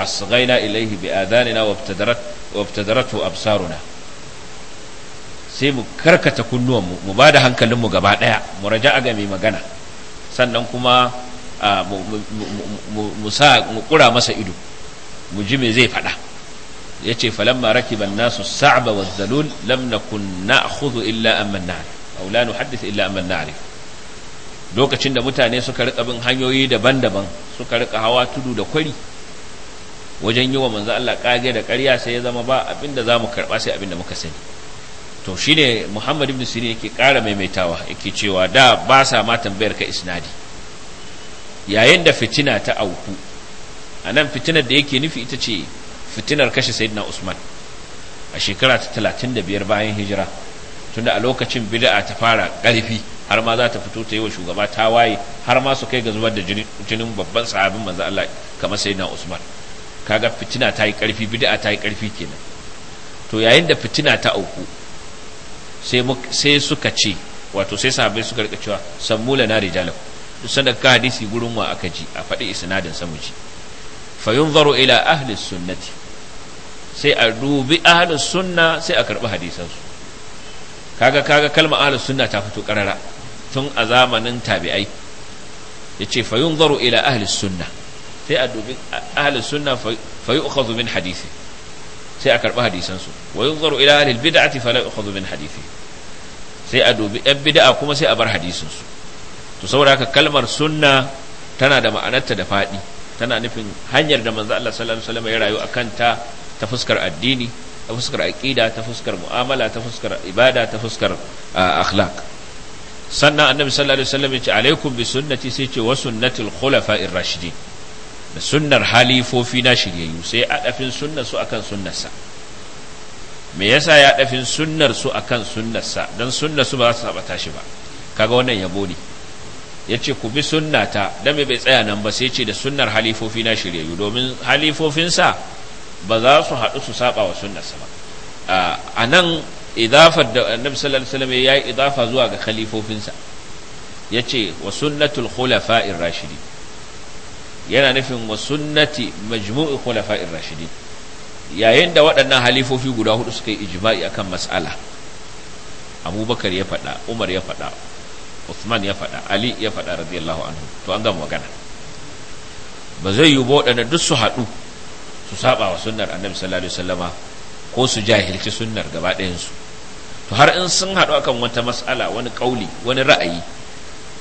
S1: asghaina ilaihi bi adanina wabtadarat wabtadaratu absaruna sai mu karkata kunnuwan mu ba da hankalin mu gaba daya mu raja ga mai magana sannan kuma mu sa mu kura masa ido mu ji me zai faɗa yace falamma rakiba an-nasu sa'ba wadh-dhalul lam nakun na'khudhu illa amman aw la nuhaddith illa amman lokacin da mutane suka rika bin hanyoyi daban-daban suka rika hawa tudu da kwari wajen yi wa manzo Allah kage da ƙarya sai ya zama ba abin da za mu karɓa sai abin da muka sani to shine Muhammad ibn Sirin yake ƙara maimaitawa yake cewa da ba sa ma tambayar ka isnadi yayin da fitina ta auku a nan fitinar da yake nufi ita ce fitinar kashe sayyidina Usman a shekara ta talatin da biyar bayan hijira tunda a lokacin bid'a ta fara ƙarfi har ma za ta fito ta yi wa shugaba ta waye har ma su kai ga zubar da jinin babban sahabin manzo Allah kamar sayyidina Usman kaga fitina ta yi karfi bid'a ta yi karfi kenan to yayin da fitina ta auku sai sai suka ce wato sai sahabbai suka rika cewa sammula na rijalaku duk sanda ka hadisi gurin wa aka ji a faɗi isnadin sa ji fa yunzaru ila ahli sunnati sai a dubi ahli sunna sai a karɓi su kaga kaga kalmar ahli sunna ta fito karara tun a zamanin tabi'ai ya ce fa yunzaru ila ahli sunna sai a dubi ahli sunna fa yu'khadhu min hadisi sai a karɓi hadisansu wa yunzaru ila ahli bid'ati fa la yu'khadhu min hadisi sai a dubi yan bid'a kuma sai a bar hadisinsu to saboda haka kalmar sunna tana da ma'anarta da faɗi tana nufin hanyar da manzo Allah sallallahu alaihi wasallam ya rayu akan ta ta fuskar addini ta fuskar aqida ta fuskar mu'amala ta fuskar ibada ta fuskar akhlaq sannan annabi sallallahu alaihi wasallam ya ce alaikum bi sunnati sai ce wa sunnatil khulafa'ir rashidin da sunnar halifofi na shiryayyu sai ya dafin sunnar su akan sunnarsa me yasa ya dafin sunnar su akan sunnarsa dan sunnar su ba za su saba tashi ba kaga wannan yabo ne yace ku bi sunnata dan me bai tsaya nan ba sai ce da sunnar halifofi na shiryayyu domin halifofinsa ba za su haɗu su saba wa sunnarsa ba a nan idafar da annabi sallallahu alaihi wasallam ya yi idafa zuwa ga khalifofinsa yace wa sunnatul khulafa'ir Rashidi. yana nufin wa sunnati majmu'i khulafa'ir Rashidi. yayin da waɗannan halifofi guda hudu suka yi ijma'i akan mas'ala abubakar ya faɗa umar ya faɗa usman ya faɗa ali ya faɗa radiyallahu anhu to an gama magana ba zai yi ba waɗanda duk su haɗu su saba wa sunnar annabi sallallahu alaihi wasallama ko su jahilci sunnar gaba ɗayansu to har in sun haɗu akan wata mas'ala wani ƙauli wani ra'ayi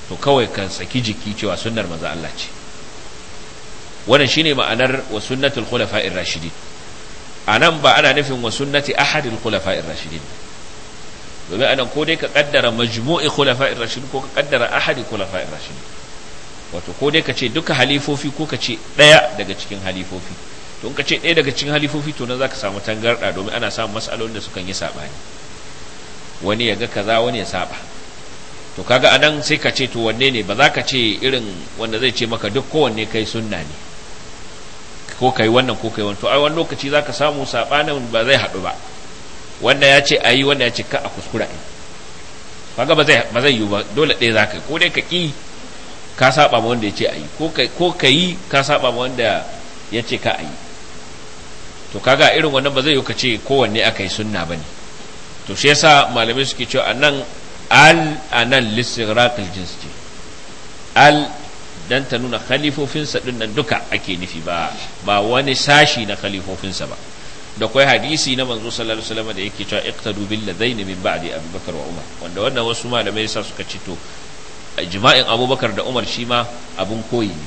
S1: to kawai ka saki jiki cewa sunnar maza Allah ce wannan shine ma'anar wa sunnatul khulafa'ir rashidin anan ba ana nufin wa sunnati ahadil khulafa'ir rashidin domin anan ko dai ka kaddara majmu'i khulafa'ir rashidin ko ka kaddara ahadi khulafa'ir rashidin wato ko dai ka ce duka halifofi ko ka ce daya daga cikin halifofi to in ka ce daya daga cikin halifofi to nan zaka samu tangarda domin ana samun mas'alolin da sukan yi sabani wani ya ga kaza wani ya saba to kaga anan sai ka ce to wanne ne ba za ka ce irin wanda zai ce maka duk kowanne kai sunna ne ko kai wannan ko kai wannan to ai wani lokaci za ka samu sabanin ba zai haɗu ba wanda ya ce ayi wanda ya ce ka a kuskura ɗin kaga ba zai ba zai yiwu ba dole ɗaya za ka yi ko dai ka ƙi ka saba ma wanda ya ce ayi ko kai ko ka yi ka saba ma wanda ya ce ka ayi to kaga irin wannan ba zai yiwu ka ce kowanne aka yi sunna ba ne to shi yasa malamai suke cewa nan al anan lisiraqil jins ce al dan ta nuna khalifofinsa din nan duka ake nufi ba ba wani sashi na khalifofinsa ba da kwai hadisi na manzo sallallahu alaihi wasallam da yake cewa iqtadu bil ladaini min ba'di abubakar wa umar wanda wannan wasu malamai sa suka ce to jima'in abubakar da umar shi ma abun koyi ne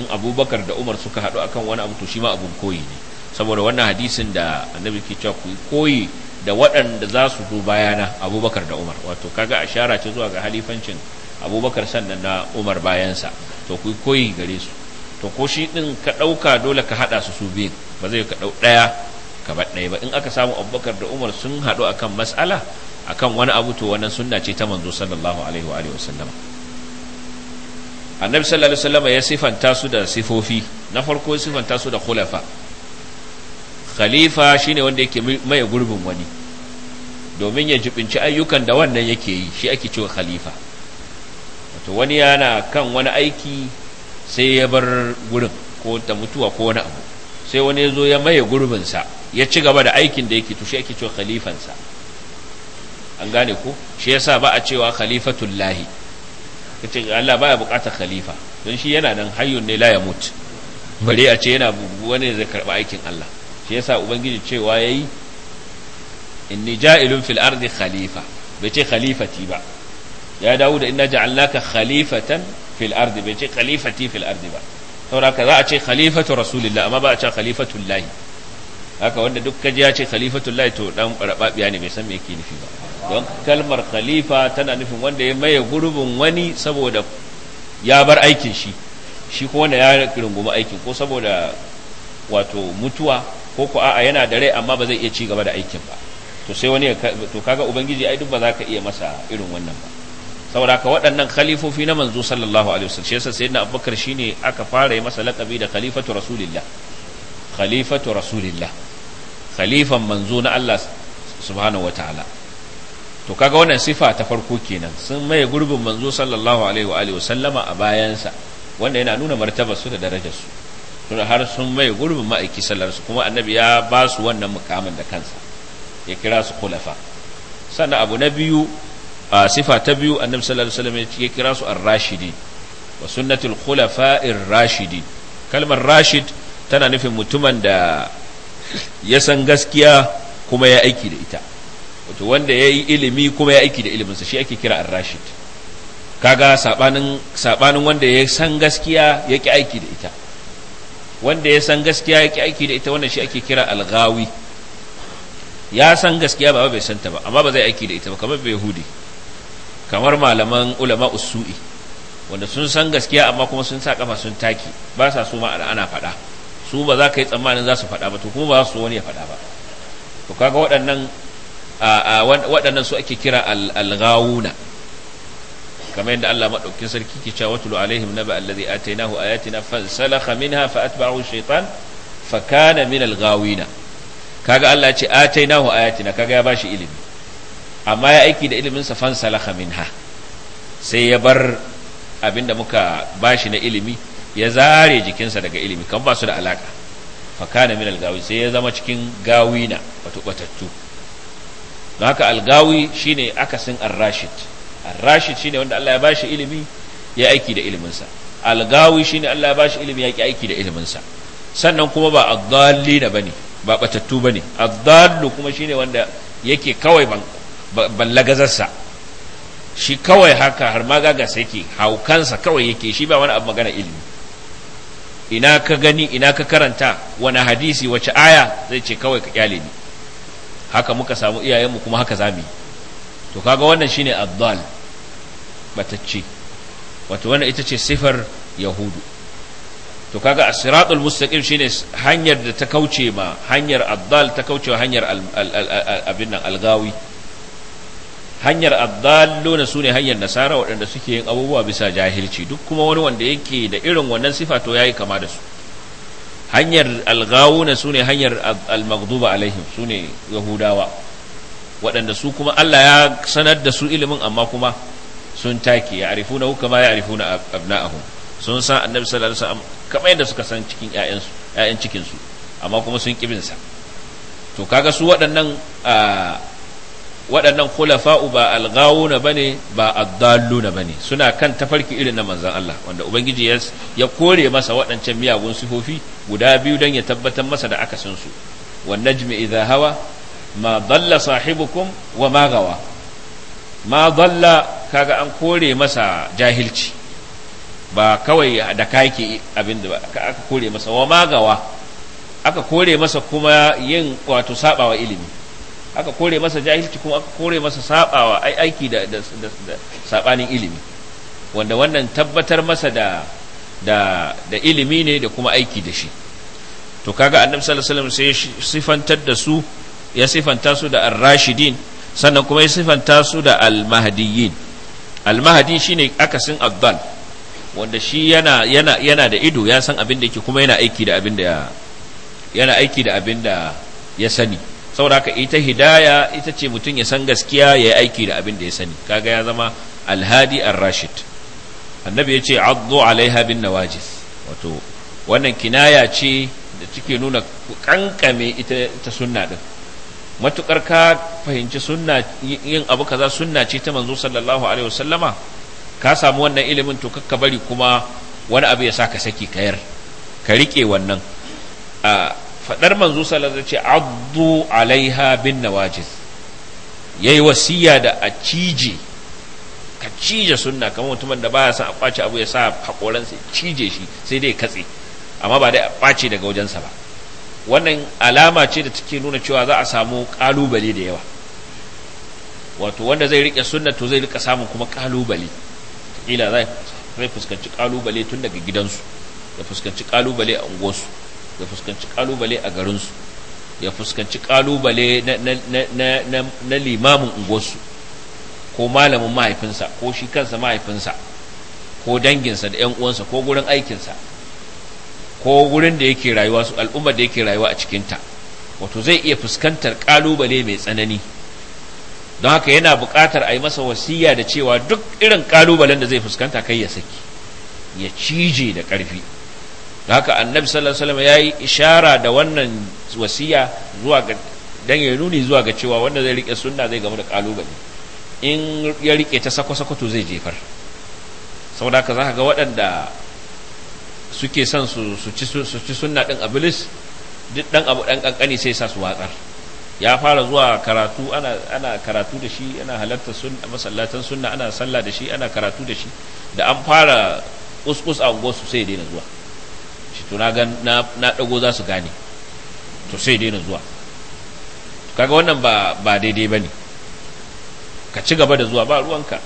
S1: in abubakar da umar suka haɗu akan wani abu to shi ma abun koyi ne saboda wannan hadisin da annabi ke cewa ku koyi da waɗanda za su zo bayana abubakar da umar wato kaga ashara ce zuwa ga halifancin abubakar sannan na umar bayansa to ku koyi gare su to ko shi ɗin ka ɗauka dole ka haɗa su su biyu ba zai ka ɗau ɗaya ka ba ɗaya ba in aka samu abubakar da umar sun haɗu akan matsala akan wani abu to wannan sunna ce ta manzo sallallahu alaihi wa alihi wasallam annabi sallallahu alaihi wasallam ya sifanta su da sifofi na farko sifanta su da khulafa khalifa shine wanda yake maye gurbin wani domin ya jibinci ayyukan da wannan yake yi shi ake cewa khalifa wato wani yana kan wani aiki sai ya bar gurbin ko ta mutuwa ko wani abu sai wani ya zo ya maye gurbinsa ya ci gaba da aikin da yake to shi ake cewa khalifansa an gane ko shi yasa ba a cewa khalifatullahi kace Allah baya bukatar khalifa don shi yana nan hayyun ne la ya mutu bare a ce yana wani zai karba aikin Allah shi yasa ubangiji cewa yayi inni ja'ilun fil ardi khalifa bai ce khalifati ba ya dawo da inna ja'alnaka khalifatan fil ardi bai ce khalifati fil ardi ba saboda za a ce khalifatu rasulillah amma ba a ce khalifatul lahi haka wanda duk kaji ya ce khalifatun lahi to dan rababiya ne bai san me yake nufi ba don kalmar khalifa tana nufin wanda ya maye gurbin wani saboda ya bar aikin shi shi ko wanda ya rungumi aikin ko saboda wato mutuwa ko ku a'a yana da rai amma ba zai iya ci gaba da aikin ba to sai wani to kaga ubangiji ai duk ba za ka iya masa irin wannan ba saboda ka waɗannan khalifofi na manzo sallallahu alaihi wasallam shi yasa sayyidina abubakar shine aka fara yi masa laqabi da khalifatu rasulillah khalifatu rasulillah khalifan manzo na Allah subhanahu wataala to kaga wannan sifa ta farko kenan sun maye gurbin manzo sallallahu alaihi wa alihi wasallama a bayansa wanda yana nuna martabar su da darajar su har sun mai gurbin ma'aiki sallarsu kuma annabi ya ba su wannan mukamin da kansa ya kira su kulafa sannan abu na biyu a sifa ta biyu annabi sallallahu alaihi wasallam ya kira su ar-rashidi wa sunnatul khulafa'ir rashidi kalmar rashid tana nufin mutumin da ya san gaskiya kuma ya aiki da ita wato wanda ya yi ilimi kuma ya aiki da iliminsa shi ake kira ar-rashid kaga sabanin sabanin wanda ya san gaskiya ya ki aiki da ita wanda ya san gaskiya ya ki aiki da ita wannan shi ake kira algawi ya san gaskiya ba bai santa ba amma ba zai aiki da ita ba kamar bai yahudi kamar malaman ulama usu'i wanda sun san gaskiya amma kuma sun sa kafa sun taki ba sa so ma ana faɗa su ba za ka yi tsammanin za su faɗa ba to kuma ba za su wani ya faɗa ba to kaga waɗannan waɗannan su ake kira algawuna kamar yadda Allah madaukakin sarki ke cewa watul alaihim naba allazi atainahu ayatina fansalakha minha faatba'ahu shaytan fakana min al-gawina. alghawina kaga Allah ya ce atainahu ayatina kaga ya bashi ilimi amma ya aiki da ilimin sa fansalakha minha sai ya bar abinda muka bashi na ilimi ya zare jikinsa daga ilimi kan ba su da alaka fakana min al algawi sai ya zama cikin gawina wato batattu don haka al-gawi algawi shine akasin ar arrashid ar-rashid shine wanda Allah ya bashi ilimi ya aiki da iliminsa al-gawi shine Allah ya bashi ilimi ya ki aiki da iliminsa sannan kuma ba ad-dallina bane ba batattu bane ad kuma shine wanda yake kawai ballagazarsa shi kawai haka har ma sai yake haukansa kawai yake shi ba wani abu magana ilimi ina ka gani ina ka karanta wani hadisi wace aya zai ce kawai ka kyale ni haka muka samu iyayenmu kuma haka zamu yi to kaga wannan shine abdal batacce wato wannan ita ce sifar yahudu to kaga as-siratul mustaqim shine hanyar da ta kauce ma hanyar abdal ta kauce hanyar abin nan algawi hanyar abdalluna su ne hanyar nasara waɗanda suke yin abubuwa bisa jahilci duk kuma wani wanda yake da irin wannan sifa to yayi kama da su hanyar algawuna su ne hanyar al-maghduba alaihim su ne yahudawa waɗanda su kuma Allah ya sanar da su ilimin amma kuma sun take ya arifuna kama ya arifuna abna'ahum sun san annabi sallallahu alaihi wasallam kamar yadda suka san cikin ƴaƴansu ƴaƴan cikin su amma kuma sun kibin sa to kaga su waɗannan waɗannan khulafa'u ba alghawuna bane ba addalluna bane suna kan tafarki irin na manzon Allah wanda ubangiji ya ya kore masa waɗancan miyagun sifofi guda biyu dan ya tabbatar masa da akasin su wan najmi idha hawa ma dalla sahibukum wa ma gawa ma dalla kaga an kore masa jahilci ba kawai da kake abin da ba aka kore masa wa ma gawa aka kore masa kuma yin wato sabawa ilimi aka kore masa jahilci kuma aka kore masa sabawa ai aiki da, da, da, da sabanin ilimi wanda wannan tabbatar masa da da, da ilimi ne da kuma aiki da shi to kaga annabi sallallahu alaihi wasallam sai sifantar da su ya sifanta su da al rashidin sannan kuma ya sifanta su da al mahdiyin al-mahdi shine akasin addal wanda shi yana yana yana da ido ya san abin da yake kuma yana aiki da abin da yana aiki da abin da ya sani saboda haka ita hidaya ita ce mutum ya san gaskiya ya yi aiki da abin da ya sani kaga ya zama alhadi ar-rashid annabi yace ce addu alaiha bin nawajis wato wannan kinaya ce da take nuna kankame ita ta sunna din matukar ka fahimci sunna yin abu kaza sunna ce ta manzo sallallahu alaihi wasallama ka samu wannan ilimin to kakka bari kuma wani abu ya saka saki kayar ka rike wannan a fadar manzo sallallahu alaihi ce addu alaiha bin nawajiz yayi wasiya da a cije ka cije sunna kamar mutumin da baya son a kwace abu ya sa sai cije shi sai dai katse amma ba dai a kwace daga wajensa ba wannan alama ce da take nuna cewa za a samu kalubale da yawa wato wanda zai rike sunna to zai rika samun kuma kalubale kila zai zai fuskanci kalubale tun daga gidansu ya fuskanci kalubale a unguwarsu ya fuskanci kalubale a garinsu ya fuskanci kalubale na limamin unguwarsu ko malamin mahaifinsa ko shi kansa mahaifinsa ko danginsa da 'yan uwansa ko gurin aikinsa ko wurin da yake rayuwa su al'ummar da yake rayuwa a cikinta wato zai iya fuskantar kalubale mai tsanani don haka yana buƙatar a yi masa wasiya da cewa duk irin kalubalen da zai fuskanta kai ya saki ya cije da ƙarfi don haka annabi sallallahu alaihi ya yi ishara da wannan wasiya zuwa ga dan ya nuni zuwa ga cewa wanda zai rike sunna zai gamu da kalubale in ya rike ta sako-sako to zai jefar saboda haka za ka ga waɗanda suke son su ci sunna ɗin abulis duk ɗan abu ɗan kankani sai sa su watsar ya fara zuwa karatu ana karatu da shi ana halarta masallatan sunna ana sallah da shi ana karatu da shi da an fara kuskus a su sai daina zuwa shi to na na dago za su gane to sai daina zuwa kaga wannan ba ba daidai ba ne ka ci gaba da zuwa ba ruwanka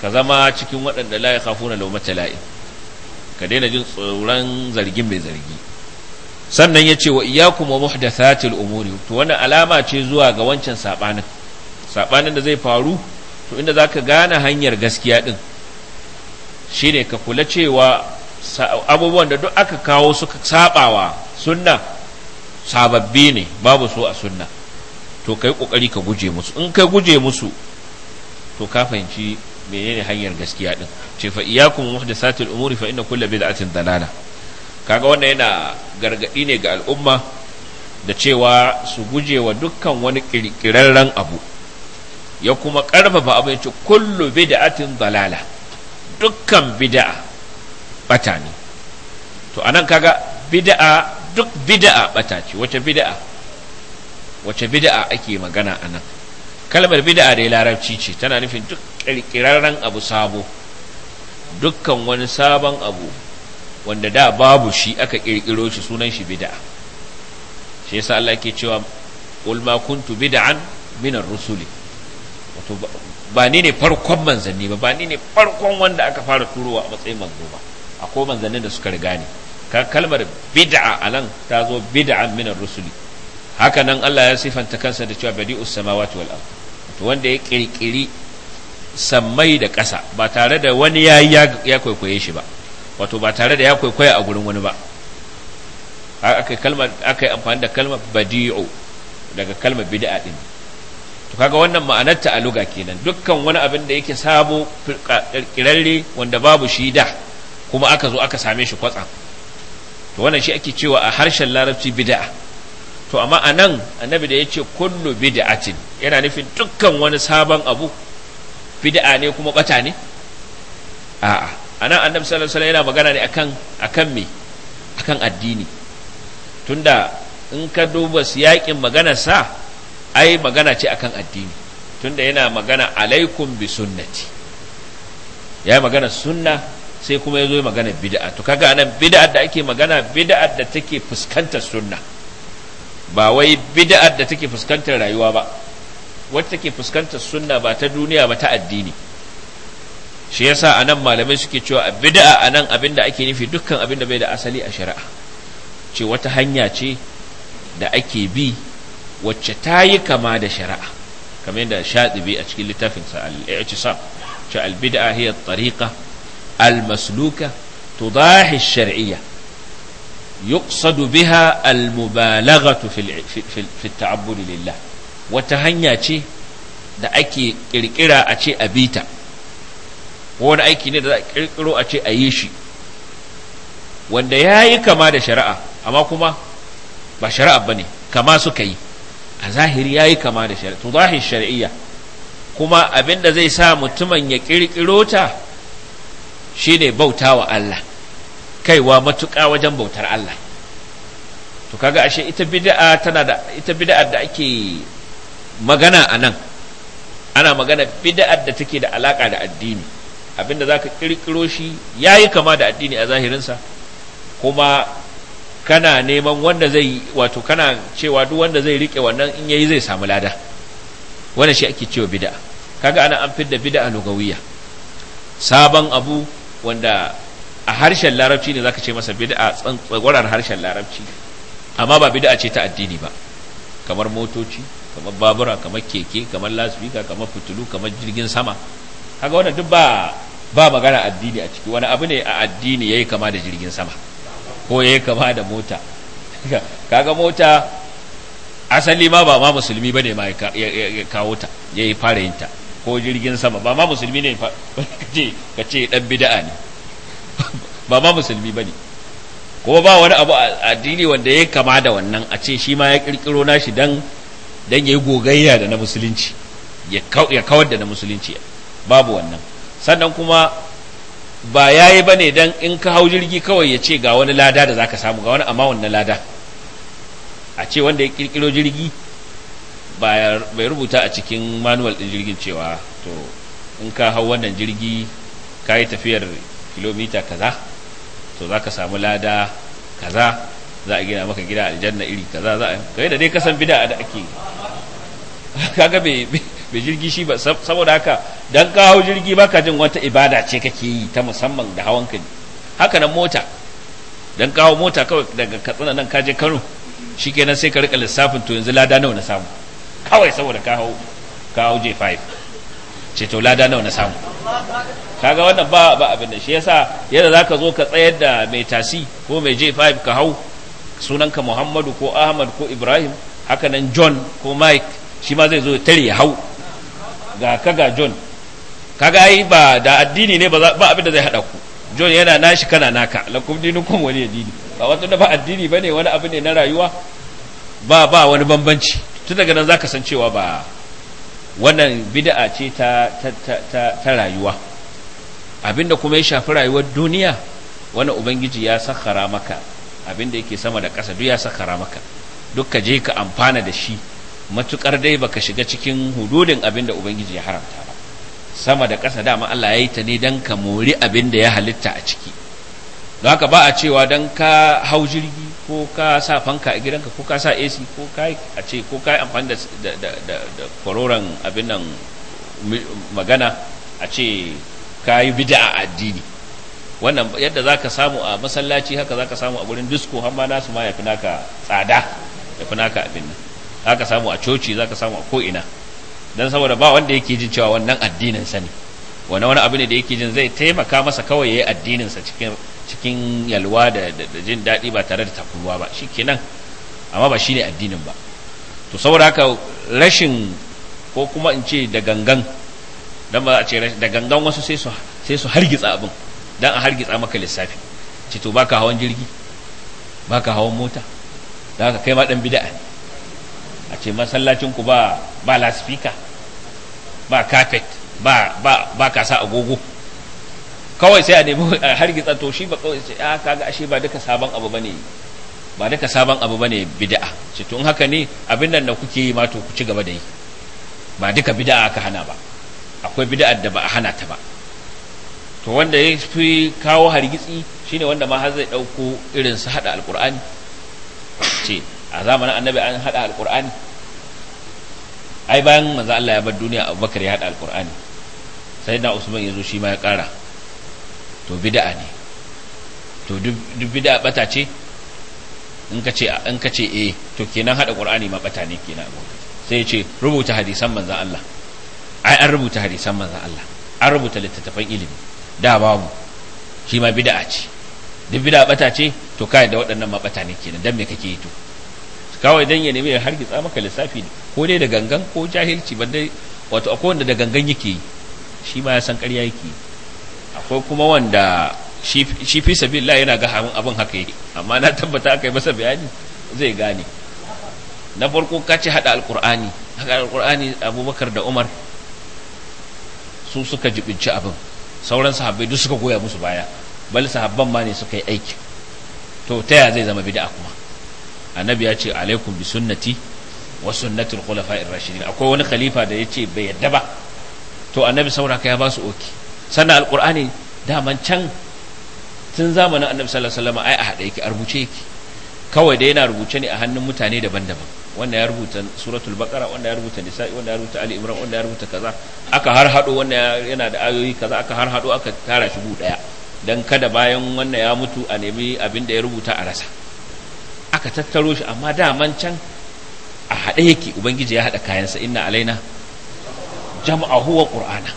S1: ka zama cikin waɗanda la ya na laumata la'in ka daina jin tsoron zargin mai zargi sannan ya ce wa iyakum wa muhdathatil umuri to wannan alama ce zuwa ga wancan sabanin sabanin da zai faru to inda ka gane hanyar gaskiya din shine ka kula cewa abubuwan da duk aka kawo suka sabawa sunna sababbi ne babu so a sunna to kai kokari ka guje musu in ka guje musu to ka fahimci menene hanyar gaskiya din ce fa iyakum muhdathatil umuri fa inna kullu bid'atin dalala kaga wannan yana gargadi ne ga al'umma da cewa su guje wa dukkan wani kirkirarren abu ya kuma karfafa abu yace kullu bid'atin dalala dukkan bid'a bata ne to anan kaga bid'a duk bid'a bata ce wace bid'a wace bid'a ake magana anan kalmar bid'a dai larabci ce tana nufin duk kirkirarren abu sabo dukkan wani sabon abu wanda da babu shi aka kirkiro shi sunan shi bid'a shi yasa Allah ke cewa qul ma kuntu bid'an min ar-rusuli wato ba ni ne farkon manzanni ba ba ni ne farkon wanda aka fara turowa a matsayin manzo ba akwai manzannin da suka riga ni ka kalmar bid'a alan ta zo bid'an min ar-rusuli haka nan Allah ya sifanta kansa da cewa badi'us samawati wal ardh wanda ya kirkiri sammai da ƙasa ba tare da wani ya ya kwaikwaye shi ba wato ba tare da ya kwaikwaya a gurin wani ba aka yi amfani da kalmar badi'u daga kalmar bid'a din to kaga wannan ma'anar ta aluga kenan dukkan wani abin da yake sabo kirkirarre wanda babu shi da kuma aka zo aka same shi kwatsam to wannan shi ake cewa a harshen larabci bid'a to amma a nan annabi da ya ce kullu bid'atin yana nufin dukkan wani sabon abu bid'a ne kuma bata ne a'a anan annabi sallallahu alaihi wasallam yana magana ne akan akan me akan addini tunda in ka duba siyakin maganar sa ai magana ce akan addini tunda yana magana alaikum bi sunnati ya magana sunna sai kuma ya zo magana bid'a to kaga anan bid'a da ake magana bid'a da take fuskantar sunna ba wai bid'ar da take fuskantar rayuwa ba wacce take fuskantar sunna ba ta duniya ba ta addini shi yasa anan malamai suke cewa bid'a anan abin da ake nufi dukkan abin da bai da asali a shari'a ce wata hanya ce da ake bi wacce ta yi kama da shari'a kamar yadda shaɗibi a cikin littafinsa al-i'tisam ce al-bid'a hiya at-tariqa al-masluka tudahi ash-shar'iyya yuqsadu biha al-mubalaghatu fi ta'abbud lillah wata hanya ce da ake ƙirƙira a ce a bita wani aiki ne da za a ƙirƙiro a ce a yi shi wanda ya yi kama da shari'a amma kuma ba shari'a ba ne kama suka yi a zahiri ya yi kama da shari'a tudahi shari'iyya kuma abin da zai sa mutumin ya ƙirƙirota ta shine bauta wa Allah kaiwa matuƙa wajen bautar Allah to kaga ashe ita bid'a tana da ita bid'a da ake magana a nan ana magana bida'ar da take da alaka da addini abinda zaka kirkiro shi yayi kama da addini a zahirinsa kuma kana neman wanda zai wato kana cewa duk wanda zai rike wannan in yayi zai samu lada wannan shi ake cewa bid'a kaga ana an fidda bid'a lugawiyya sabon abu wanda a harshen larabci ne zaka ce masa bid'a tsagwarar harshen larabci amma ba bid'a ce ta addini ba kamar motoci kamar babura kamar keke kamar lasfika kamar fitulu kamar jirgin sama kaga wannan duk ba ba magana addini a ciki wani abu ne a addini yayi kama da jirgin sama ko yayi kama da mota (laughs) kaga mota asali ma ba ma musulmi bane ma ya kawo ta yayi fara yin ta ko jirgin sama ba ma musulmi ne (laughs) ka ce dan bid'a ne ba ma musulmi ba ne kuma ba wani abu a addini wanda ya kama da wannan a ce shi ma ya kirkiro nashi dan dan yi gogayya da na musulunci ya kawar da na musulunci babu wannan sannan kuma ba ya ba bane dan in ka hau jirgi kawai ya ce ga wani lada da zaka samu ga wani amma wannan lada a ce wanda ya kirkiro jirgi bai rubuta a cikin manual din jirgin cewa to in ka hau wannan jirgi ka yi tafiyar kilomita kaza to za ka samu lada kaza za a gina maka gida aljanna iri kaza za a kai da dai kasan bida da ake (laughs) kaga bai jirgi shi ba saboda haka dan ka hau jirgi baka jin wata ibada ce kake yi ta musamman da hawan ka haka nan mota dan ka hau mota kawai daga katsina nan ka je Kano shikenan sai ka rika lissafin to yanzu lada nawa na samu kawai saboda ka hau ka hau J5 ce to lada nawa na samu kaga wannan ba ba abin da shi yasa yadda zaka zo ka tsayar da mai tasi ko mai J5 ka hau sunanka Muhammadu ko Ahmad ko Ibrahim haka nan John ko Mike shi ma zai zo tare ya hau ga ka John kaga ai ba da addini ne ba abin da zai hada ku John yana nashi kana naka lakum dinukum wani addini ba wato da ba addini bane wani abu ne na rayuwa ba ba wani bambanci tun daga nan zaka san cewa ba wannan bid'a ce ta ta ta rayuwa abinda kuma ya shafi rayuwar duniya wani ubangiji ya sakara maka abinda yake sama da ƙasa duk ya sakara maka duk ka je ka amfana da shi matukar dai baka shiga cikin hududin abinda ubangiji ya haramta ba sama da ƙasa dama Allah ya yi ta ne don ka mori abinda ya halitta a ciki don haka ba a cewa dan ka hau jirgi ko ka sa fanka a gidanka ko ka sa AC ko ka a ce ko ka amfani da da abin nan magana a ce ka yi bid'a addini wannan yadda za ka samu a masallaci haka za ka samu a gurin disko hamma nasu ma ya fi naka tsada ya fi naka abin nan za ka samu a coci za ka samu a ko'ina don saboda ba wanda yake jin cewa wannan addinin sa ne wani wani abu ne da yake jin zai taimaka masa kawai ya yi addininsa cikin cikin yalwa da jin daɗi ba tare da takurwa ba shi kenan amma ba shi ne addinin ba to saboda haka rashin ko kuma in ce da gangan dan ba a ce da gangan wasu sai su sai su hargitsa abin dan a hargitsa maka lissafi ce to baka hawan jirgi baka hawan mota da haka kai ma dan bid'a ne a ce masallacin ku ba ba lasfika ba carpet ba ba ba kasa agogo kawai sai a nemi hargitsa to shi ba kawai sai a ah, kaga ashe ba duka sabon abu bane ba duka sabon abu bane bid'a ce to in haka ne abin nan da kuke yi ma to ku ci gaba da yi ba duka bid'a aka hana ba akwai bid'ar da ba a hana ta ba to wanda ya fi kawo hargitsi shine wanda ma har zai ɗauko irin su haɗa alƙur'ani ce a zamanin annabi an haɗa alƙur'ani ai bayan manzo Allah ya bar duniya Abubakar ya haɗa alƙur'ani sai na Usman ya zo shi ma ya ƙara to bid'a ne to duk bid'a bata ce in ka ce in ka ce eh to kenan haɗa ƙur'ani ma bata ne kenan sai ya ce rubuta hadisan manzo Allah ai an rubuta hadisan manzon Allah an rubuta littattafan ilimi da babu shi ma bid'a ce duk bid'a bata ce to kai da waɗannan ma bata ne kenan dan me kake yi to kawai dan ya nemi ya hargitsa maka lissafi ne ko dai da gangan ko jahilci ba dai wato akwai wanda da gangan yake yi shi ma ya san ƙarya yake yi akwai kuma wanda shi fi sabilillah yana ga hamun abin haka yake amma na tabbata aka yi masa bayani zai gane na farko ka ce hada alqur'ani haka alqur'ani abubakar da umar su suka jibinci abin sauran sahabbai duk suka goya musu baya bal sahabban ma ne suka yi aiki to ta ya zai zama bid'a kuma annabi ya ce alaikum bi sunnati wa sunnatul khulafa'ir rashidin akwai wani khalifa da yace bai yadda ba to annabi ka ya ba su oki sannan alqur'ani daman can tun zamanin annabi sallallahu alaihi wasallam ai a hade yake a rubuce yake kawai da yana rubuce ne a hannun mutane daban-daban wanda ya rubuta suratul baqara wanda ya rubuta nisa'i wanda ya rubuta ali imran wanda ya rubuta kaza aka har hado wanda yana da ayoyi kaza aka har hado aka tara shi gu daya dan kada bayan wanda ya mutu a nemi abin da ya rubuta a rasa aka tattaro shi amma man can a haɗe yake ubangiji ya haɗa kayansa inna alaina jam'ahu wa qur'ana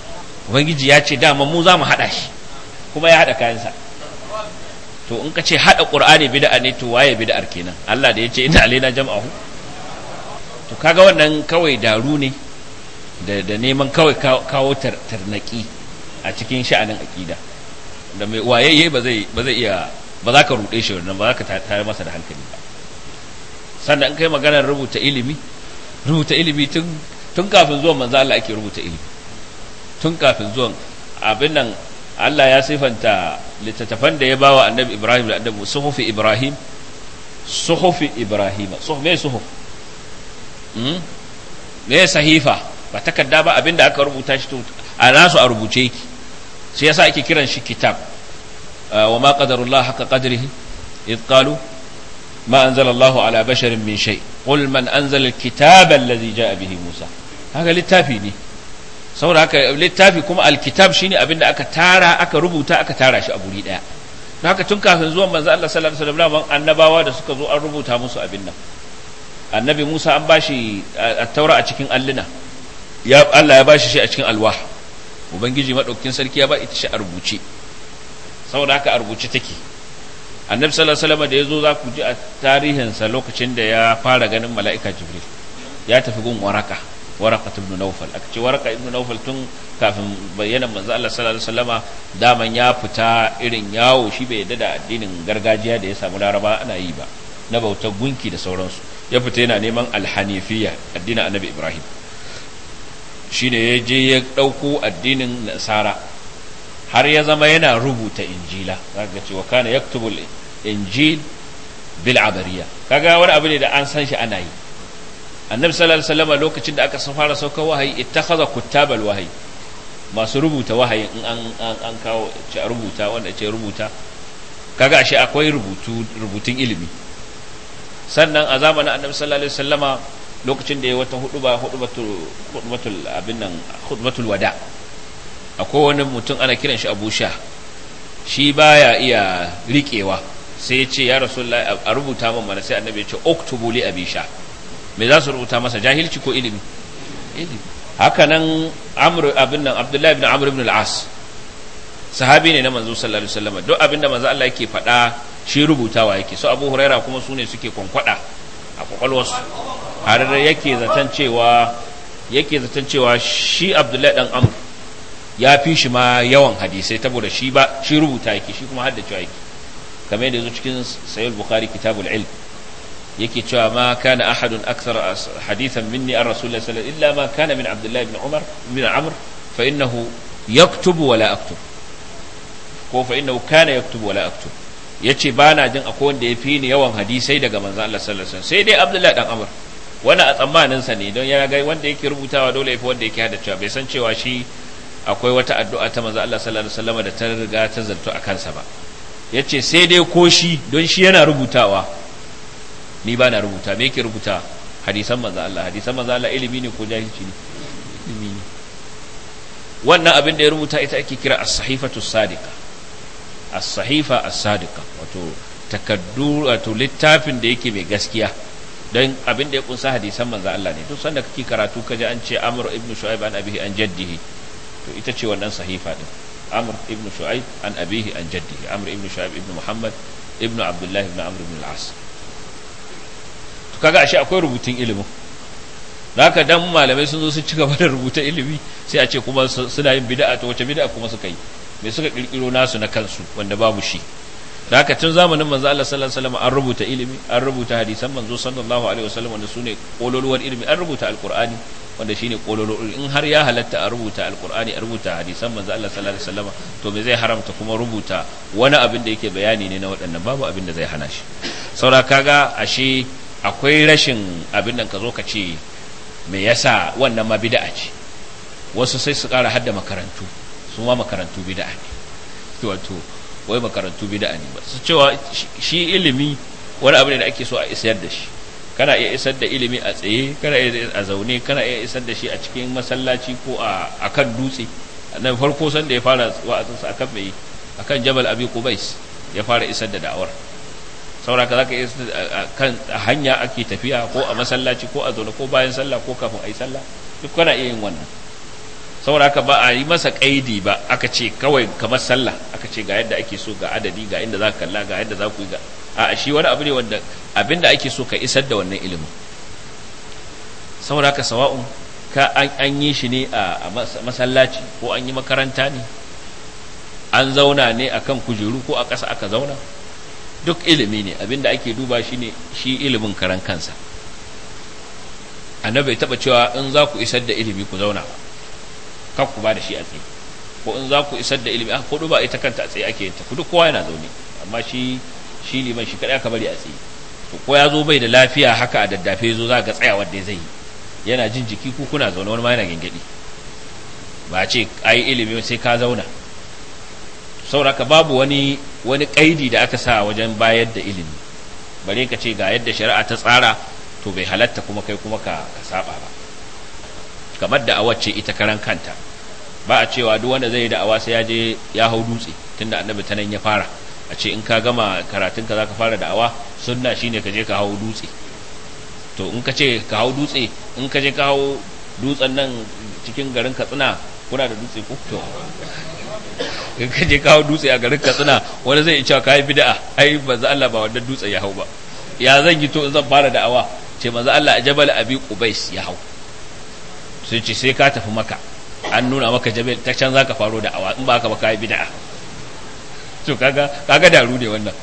S1: ubangiji ya ce dama mu za mu haɗa shi kuma ya haɗa kayansa to in ka ce haɗa qur'ani bid'a ne to waye bid'ar kenan Allah da ya ce inna alaina jam'ahu to kaga wannan kawai daru ne da neman kawai kawo tarnaki a cikin sha'anin aƙida da mai wayayye ba zai iya ba za ka ruɗe shi wannan ba za ka tare masa da hankali ba sannan kai maganar rubuta ilimi rubuta ilimi tun kafin zuwan manzo Allah ake rubuta ilimi tun kafin zuwan abin nan Allah ya sifanta littattafan da ya bawa annabi Ibrahim da annabi suhufi Ibrahim suhufi Ibrahim suhufi me Hmm? me ya sahifa ba takarda ba abinda aka rubuta shi to a nasu a rubuce yake shi yasa ake kiran shi kitab ah, wa ma qadarullah haka qadrihi id qalu ma anzala Allahu ala basharin min shay qul man anzala alkitaba alladhi jaa bihi Musa haka littafi ne saboda haka littafi kuma alkitab shine abinda aka tara aka rubuta aka tara shi a guri daya haka tun kafin zuwan manzo Allah sallallahu alaihi wasallam annabawa da suka zo an rubuta musu abin nan annabi Musa an bashi at-taura a cikin allina ya Allah ya bashi shi a cikin alwah ubangiji maɗaukin sarki ya ba ita shi a rubuce saboda haka a rubuce take annabi sallallahu alaihi da da zo za ku ji a tarihinsa lokacin da ya fara ganin mala'ika jibril ya tafi gun waraka waraka ibn nawfal aka ce waraka ibn nawfal tun kafin bayyana manzo Allah sallallahu alaihi daman ya fita irin yawo shi bai yadda da addinin gargajiya da ya samu laraba ana yi ba na bautar gunki da sauransu ya fita yana neman alhanifiya addinin annabi ibrahim shine ya je ya ɗauko addinin nasara har ya zama yana rubuta injila zaka cewa kana yaktubul injil bil abariya kaga wani abu ne da an san shi ana yi annabi sallallahu alaihi wasallam lokacin da aka fara sauka wahayi ittakhadha kuttabal wahayi masu rubuta wahayi in an an, an kawo ce rubuta wanda ce rubuta kaga ashe akwai rubutu rubutun ilimi sannan a zamanin annabi sallallahu alaihi wasallama lokacin da ya wata huduba hudubatul abin nan hudubatul wada akwai wani mutum ana kiran shi Abu Sha shi baya iya riƙewa sai ya ce ya rasulullah a rubuta min mana sai annabi ya ce uktubu li abi sha me za su rubuta masa jahilci ko ilimi ilimi haka nan amru abin nan abdullahi ibn amr ibn al-as sahabi ne na manzo sallallahu alaihi wasallam duk abin da manzo Allah yake faɗa shi rubutawa yake su abu huraira kuma su ne suke kwankwada a kwakwalwarsu har yake zaton cewa yake zaton cewa shi abdullahi dan Amur ya fi shi ma yawan hadisai saboda shi ba shi rubuta yake shi kuma haddacewa yake kamar yadda zo cikin sayyid bukhari kitabul ilm yake cewa ma kana ahadun akthar hadithan minni an rasulullahi sallallahu alaihi wasallam illa ma kana min abdullahi ibn umar ibn amr fa innahu yaktubu wala aktub ko fa innahu kana yaktubu wala aktub Ya ce ba na jin akwai wanda ya fi ni yawan hadisai daga manzo Allah sallallahu alaihi wasallam sai dai Abdullahi dan Amr wani a tsammanin sa ne don yana ga wanda yake rubutawa dole ya fi wanda yake cewa bai san cewa shi akwai wata addu'a ta manzo Allah sallallahu alaihi wasallam da ta riga ta zarto a kansa ba ya ce sai dai ko shi don shi yana rubutawa ni ba na rubuta me yake rubuta hadisan manzo Allah hadisan manzo Allah ilimi ne ko jahilci ne ilimi ne wannan abin da ya rubuta ita ake kira as-sahifatu sadiqah as-sahifa as-sadiqa wato takaddu wato littafin da yake mai gaskiya dan abin da ya kunsa hadisan manzo Allah ne to sanda kake karatu kaje an ce Amr ibn Shu'aib an abihi an jaddihi to ita ce wannan sahifa din Amr ibn Shu'aib an abihi an jaddihi Amr ibn Shu'aib ibn Muhammad ibn Abdullah ibn Amr ibn al-As to kaga ashe akwai rubutun ilimin haka dan malamai sun zo sun ci gaba da rubuta ilimi sai a ce kuma suna yin bid'a to wace bid'a kuma suka yi me suka kirkiro nasu na kansu wanda babu shi haka tun zamanin manzo Allah sallallahu alaihi wasallam an rubuta ilimi an rubuta hadisan manzo sallallahu alaihi wasallam wanda sune kololuwar ilimi an rubuta alqur'ani wanda shine kololuwar in har ya halatta a rubuta alqur'ani a rubuta hadisan manzo Allah sallallahu alaihi wasallam to me zai haramta kuma rubuta wani abin da yake bayani ne na waɗannan babu abin da zai hana shi saura kaga ashe akwai rashin abin nan ka zo ka ce me yasa wannan ma bid'a ce wasu sai su ƙara hadda makarantu su ma makarantu bid'a ne wato wai makarantu bid'a ne ba su cewa shi ilimi wani abu ne da ake so a isar da shi kana iya isar da ilimi a tsaye kana iya a zaune kana iya isar da shi a cikin masallaci ko a kan dutse nan farko san da ya fara wa'azinsa akan mai akan jabal abi qubais ya fara isar da da'awar saura ka zaka iya kan hanya ake tafiya ko a masallaci ko a zaune ko bayan sallah ko kafin ayi sallah duk kana iya yin wannan saboda haka ba a yi masa kaidi ba aka ce kawai kamar sallah aka ce ga yadda ake so ga adadi ga inda za ka kalla ga yadda za ku yi ga a shi wani abu ne wanda abin da ake so ka isar da wannan ilimin saboda haka sawa'un ka an yi shi ne a masallaci ko an yi makaranta ne an zauna ne a kan kujeru ko a ƙasa aka zauna duk ilimi ne abin da ake duba shi ne shi ilimin karan kansa annabi bai taɓa cewa in za ku isar da ilimi ku zauna ba kar ku ba da shi a tsaye ko in za ku isar da ilimi a kudu ba ita kanta a tsaye ake yin ta kudu kowa yana zaune amma shi shi liman shi kadai aka bari a tsaye to ko ya zo bai da lafiya haka a daddafe zo za ga tsaya wanda zai yi yana jin jiki ku kuna zaune wani ma yana gingidi ba ce ai ilimi sai ka zauna sauraka babu wani wani kaidi da aka sa wajen bayar da ilimi bare ka ce ga yadda shari'a ta tsara to bai halatta kuma kai kuma ka, saba ba kamar da awacce ita karan kanta ba a cewa duk wanda zai yi da'awa sai ya je ya hau dutse tunda annabi ta nan ya fara a ce in ka gama karatunka za ka fara da'awa sunna shine ka je ka hau dutse to in ka ce ka hau dutse in ka je ka hau dutsen nan cikin garin katsina kuna da dutse ko to in ka je ka hau dutse a garin katsina wani zai cewa ka yi bid'a ai banza Allah ba wannan dutse ya hau ba ya zan yi to in zan fara da'awa ce manzo Allah a jabal abi qubais ya hau sai ce sai ka tafi maka an nuna maka jabal ta can zaka faro da awa in ba ka ba kai bid'a to kaga kaga daru ne wannan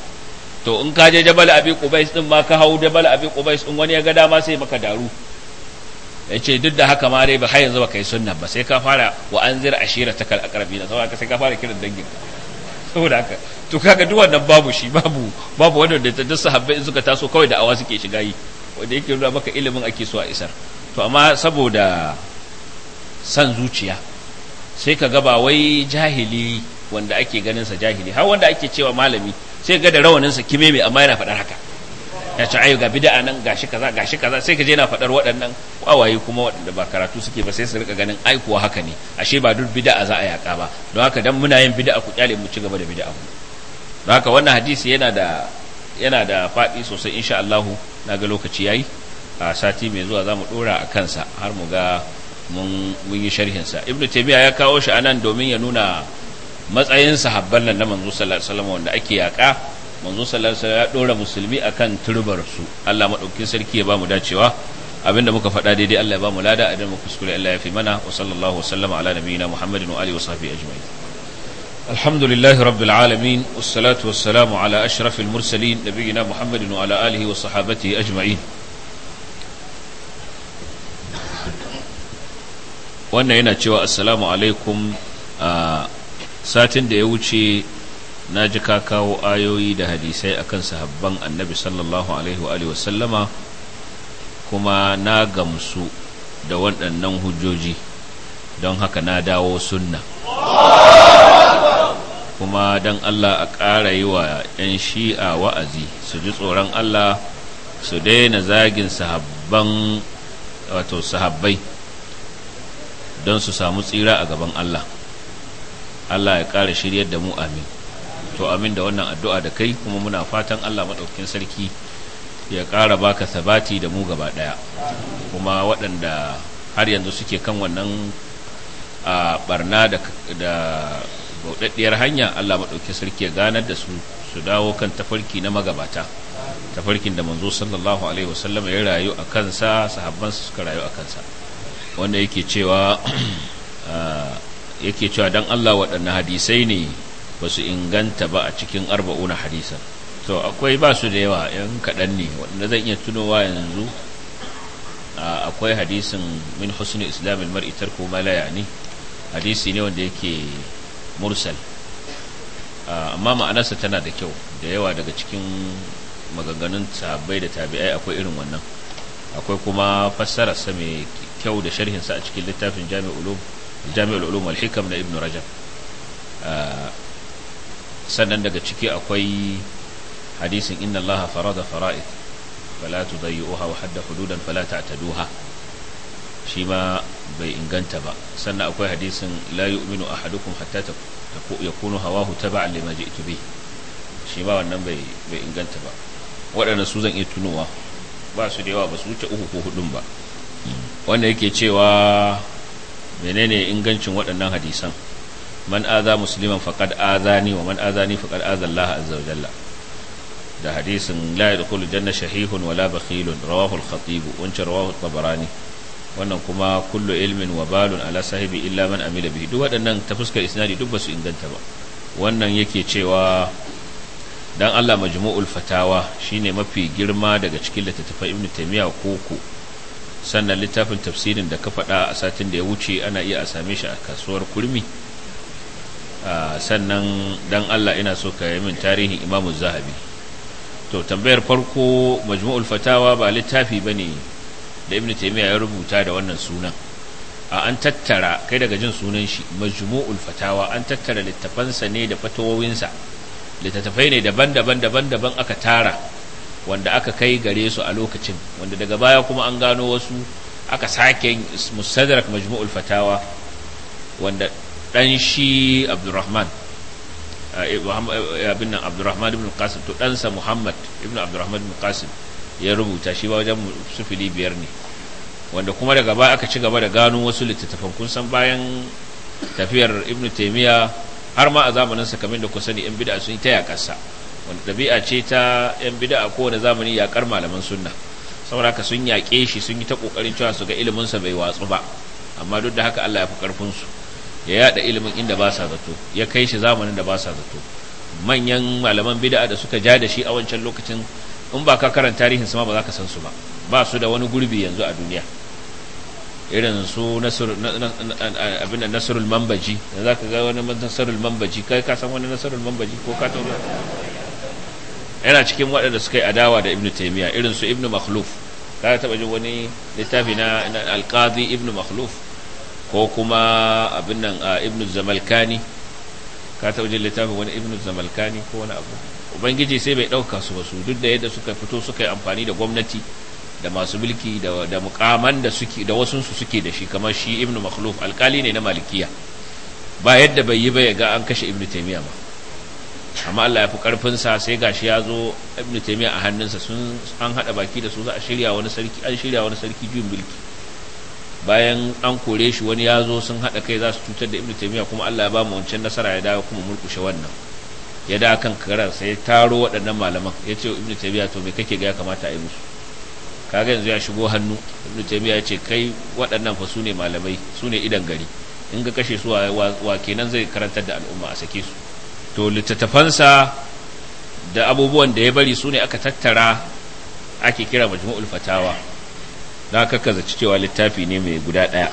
S1: to in ka je jabal abi qubais din ma ka hau jabal abi qubais din wani ya ga dama sai maka daru ya ce duk da haka ma dai ba har yanzu ba kai sunna ba sai ka fara wa anzir ashira takal aqrabina saboda sai ka fara kiran dangin saboda haka to kaga duk wannan babu shi babu babu wannan da ta sahabbai in suka taso kawai da awa suke shiga yi wanda yake nuna maka ilimin ake so a isar to amma saboda san zuciya sai ka gaba wai jahili wanda ake ganinsa jahili har wanda ake cewa malami sai ga da rawanin sa kime mai amma yana faɗar haka ya ce ayo ga bid'a nan gashi kaza gashi kaza sai ka je yana faɗar waɗannan kwawaye kuma waɗanda ba karatu suke ba sai su rika ganin ai kuwa haka ne ashe ba duk bid'a za a yaka ba don haka dan muna yin bid'a ku kyale mu ci gaba da bid'a mu don haka wannan hadisi yana da yana da faɗi sosai insha Allah na ga lokaci yayi a sati mai zuwa za mu ɗora a kansa har mu ga mun yi sharhinsa ibnu taimiyya ya kawo shi anan domin ya nuna matsayin sahabban nan na manzo sallallahu alaihi wasallam wanda ake yaka manzo sallallahu alaihi wasallam ya dora musulmi akan turbar su Allah madaukakin sarki ya mu dacewa abinda muka faɗa daidai Allah ya ba mu lada idan mu kuskure Allah ya fi mana wa sallallahu wasallama ala nabiyyina Muhammadin wa alihi wa sahbihi ajma'in alhamdulillahi rabbil alamin wassalatu wassalamu ala ashrafil mursalin nabiyyina Muhammadin wa ala alihi wa sahbihi ajma'in wannan yana cewa assalamu alaikum a satin da ya wuce na ji ka kawo ayoyi da hadisai akan sahabban annabi sallallahu alaihi wa sallama kuma na gamsu da waɗannan hujjoji don haka na dawo sunna kuma don Allah a ƙara yi wa 'yan shi'a wa'azi su ji tsoron Allah su daina zagin sahabban wato sahabbai don su samu tsira a gaban Allah Allah ya ƙara shiryar da mu amin to amin da wannan addu'a da kai kuma muna fatan Allah maɗaukakin sarki ya ƙara baka sabati da mu gaba ɗaya kuma waɗanda har yanzu suke kan wannan a barna da bauɗaɗɗiyar hanya Allah maɗaukakin sarki ya ganar da su su dawo kan tafarki na magabata tafarkin da manzo sallallahu alaihi wasallam ya rayu a kansa su suka rayu a kansa wanda yake cewa (clears throat) ah, yake cewa dan Allah waɗanne hadisai ne ba su inganta ba a cikin arba'u na hadisan to akwai ba su da yawa yan kaɗan ne waɗanda zan iya tunowa yanzu akwai hadisin min husni islamin maritar ko malaya ne hadisi ne wanda yake mursal amma ma'anarsa tana da kyau da yawa daga cikin maganganun tabai da tabi'ai akwai irin wannan akwai kuma fassarar mai kyau da sharhinsa a cikin littafin jami'ul ulum wal hikam na ibn rajab ah, sannan daga ciki akwai hadisin inna allaha farada fara'id fala tudayyuha wa hadda hududan fala ta'taduha shi ma bai inganta ba sannan akwai hadisin la yu'minu ahadukum hatta yakunu hawahu taba'an lima ji'tu bih shi ma wannan bai inganta ba waɗanda su zan iya tunowa ba su da yawa ba su wuce uku ko hudun ba wanda yake cewa menene ingancin waɗannan hadisan man aza musliman faqad azani wa man azani faqad aza Allah azza wa jalla da hadisin la yadkhulu janna shahihun wala bakhilun rawahu al-khatib wancan rawahu tabarani wannan kuma kullu ilmin wa balun ala sahibi illa man amila bihi duk waɗannan ta fuskar isnadi duk basu inganta ba wannan yake cewa dan Allah majmu'ul fatawa shine mafi girma daga cikin littattafan Ibn Taymiyyah koko sannan littafin tafsirin da ka faɗa a satin da ya wuce ana iya a same shi a kasuwar kurmi sannan dan Allah ina so ka yi min tarihin imamu zahabi to tambayar farko majmu'ul fatawa ba littafi ba ne da ibn taimiyya ya rubuta da wannan sunan a an tattara kai daga jin sunan shi majmu'ul fatawa an tattara littafansa ne da fatawowinsa littattafai ne daban-daban daban-daban aka tara wanda aka kai gare su a lokacin wanda daga baya kuma an gano wasu aka sake musadrak majmu'ul fatawa wanda dan shi abdurrahman eh, eh, abin nan abdurrahman ibn qasim to ɗansa muhammad ibn abdurrahman ibn qasim ya rubuta shi ba wajen sufili biyar ne wanda kuma daga baya aka ci gaba da gano wasu littattafan kun san bayan tafiyar ibn taimiyya har ma a zamanin sa kamar da ku sani yan bid'a sun ta yakarsa wanda ɗabi'a ce ta yan bida a kowane zamani yaƙar malaman sunna saboda haka sun yaƙe shi sun yi ta ƙoƙarin cewa su ga iliminsa bai watsu ba amma duk da haka Allah ya fi ƙarfinsu ya yaɗa ilimin inda ba sa zato ya kai shi zamanin da ba sa zato manyan malaman bida da suka ja da shi a wancan lokacin in ba ka karanta tarihin su ma ba za ka san su ba ba su da wani gurbi yanzu a duniya irin su abinda nasarul mambaji da za ka ga wani nasarul mambaji kai ka san wani nasarul mambaji ko ka tauna yana cikin waɗanda suka yi adawa da ibnu taymiya irin su ibnu makhluf ka taɓa jin wani littafi na alqazi ibnu makhluf ko kuma abin nan ibnu zamalkani ka taɓa jin littafin wani ibnu zamalkani ko wani abu ubangiji sai bai ɗauka su wasu duk da yadda suka fito suka yi amfani da gwamnati da masu mulki da da mukaman da suke da wasun su suke da shi kamar shi ibnu makhluf alkali ne na malikiya ba yadda bai yi ba ya ga an kashe ibnu taymiya ba amma Allah ya fi karfinsa sai gashi ya zo ibn taymiya a hannunsa sun an hada baki da su za a shirya wani sarki an shirya wani sarki juyin mulki bayan an kore shi wani ya zo sun haɗa kai za su cutar da ibn taymiya kuma Allah ya ba mu wancan nasara ya dawo kuma murkushe wannan ya da kan karar sai ya taro waɗannan malaman ya ce ibn taymiya to me kake ga ya kamata a yi musu kaga yanzu ya shigo hannu ibn taymiya ya ce kai waɗannan fa su ne malamai su ne idan gari in ga kashe su wa kenan zai karantar da al'umma a sake su to littattafansa da abubuwan da ya bari su ne aka tattara ake kira majmu'ul fatawa na kakkaza cewa littafi ne mai guda ɗaya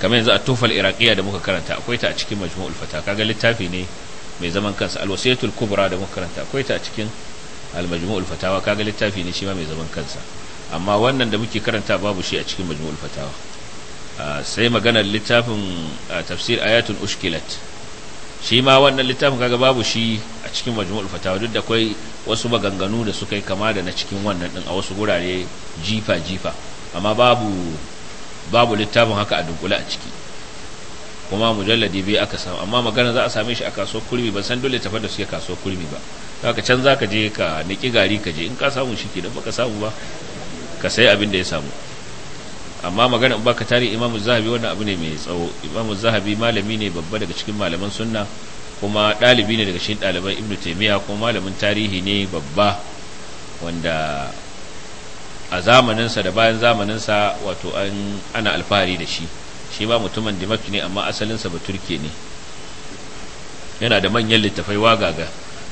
S1: kamar yanzu a tufal iraqiya da muka karanta akwai ta a cikin majmu'ul fatawa kaga littafi ne mai zaman kansa alwasiyatul kubra da muka karanta akwai ta a cikin almajmu'ul fatawa kaga littafi ne shi ma mai zaman kansa amma wannan da muke karanta babu shi a cikin majmu'ul fatawa ah, sai maganar littafin ah, tafsir ayatun ushkilat shi ma wannan littafin kaga babu shi a cikin majmu'ul fatawa duk da kwai wasu maganganu da suka yi kama da na cikin wannan din a wasu gurare jifa jifa amma babu babu littafin haka a dunkule a ciki kuma mujalladi biyu aka samu amma magana za a same shi a kaso kurmi ba san dole tafar da suke kaso kurmi ba haka can za ka je ka niki gari ka je in ka samu shi kenan baka samu ba ka sai abin da ya samu amma magana ba ka tare imamu zahabi wannan abu ne mai tsawo imamu zahabi malami ne babba daga cikin malaman sunna kuma ɗalibi ne daga cikin ɗaliban ibnu taimiyya kuma malamin tarihi ne babba wanda a zamaninsa da bayan zamaninsa wato an ana alfahari da shi shi ba mutumin dimak ne amma asalinsa ba turke ne yana da manyan littafai wagaga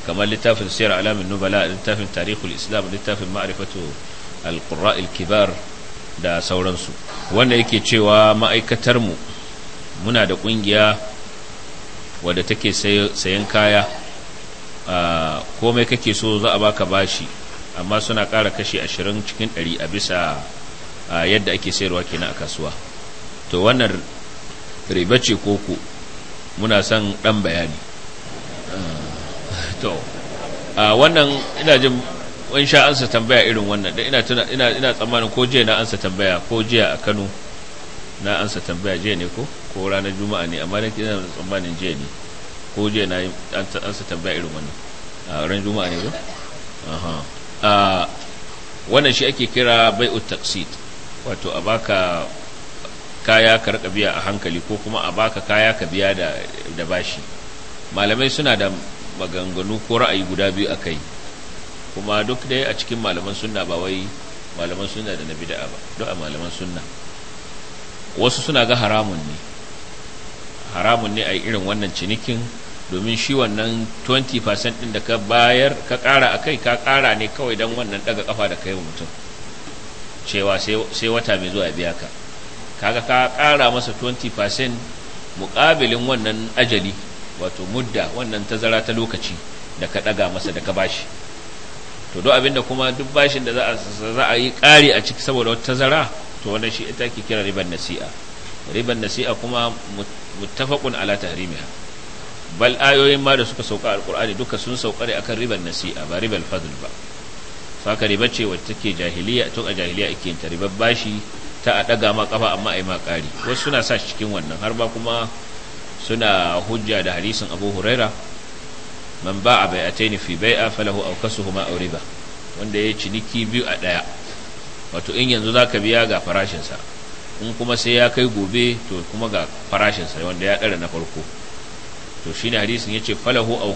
S1: kamar littafin siyar alamin nubala littafin tarihul islam littafin ma'rifatu al kibar da sauransu wanda yake cewa ma'aikatar mu muna da ƙungiya wadda take sayan kaya komai kake so za a baka bashi amma suna ƙara kashe ashirin cikin ɗari a bisa yadda ake sayarwa kenan a kasuwa to wannan riba ce koko muna son dan bayani to wannan ina jin mun sha ansa tambaya irin wannan da ina tuna ina ina tsammanin ko jiya na ansa tambaya ko jiya a Kano na ansa tambaya jiya ne ko ko ranar juma'a ne amma nake ina tsammanin jiya ne ko jiya na ansa tambaya irin wannan a ran juma'a ne ba aha a wannan shi ake kira bai'ut taqsid wato a baka kaya ka rika biya a hankali ko kuma a baka kaya ka biya da da bashi malamai suna da maganganu ko ra'ayi guda biyu a kai kuma duk dai a cikin malaman sunna ba wai malaman sunna da na bid'a ba duk a malaman sunna wasu suna ga haramun ne haramun ne a irin wannan cinikin domin shi wannan 20% din da ka bayar ka ƙara a kai ka kara ne kawai don wannan daga kafa da kai mutum cewa sai wata mai zuwa biya ka kaga ka kara masa 20% muƙabilin wannan ajali wato mudda wannan tazara ta lokaci da ka ɗaga masa da ka bashi to duk abinda kuma duk bashin da za a yi ƙari a ciki saboda wata tazara to wannan shi ita ke kira riban nasi'a riban nasi'a kuma muttafaqun ala tahrimiha bal ayoyin ma da suka sauka alqur'ani duka sun sauka ne akan riban nasi'a ba riban fadl ba saka riba ce wacce take jahiliya tun a jahiliya ake yin ta ribar bashi ta a daga ma kafa amma ai ma ƙari wasu suna sa cikin wannan har ba kuma suna hujja da hadisin Abu Huraira man ba'a bai'ataini fi bai'a falahu aw huma aw riba wanda ya ciniki biyu a ɗaya wato in yanzu zaka biya ga farashinsa in kuma sai ya kai gobe to kuma ga farashinsa sa wanda ya dara na farko to shine hadisin yace falahu aw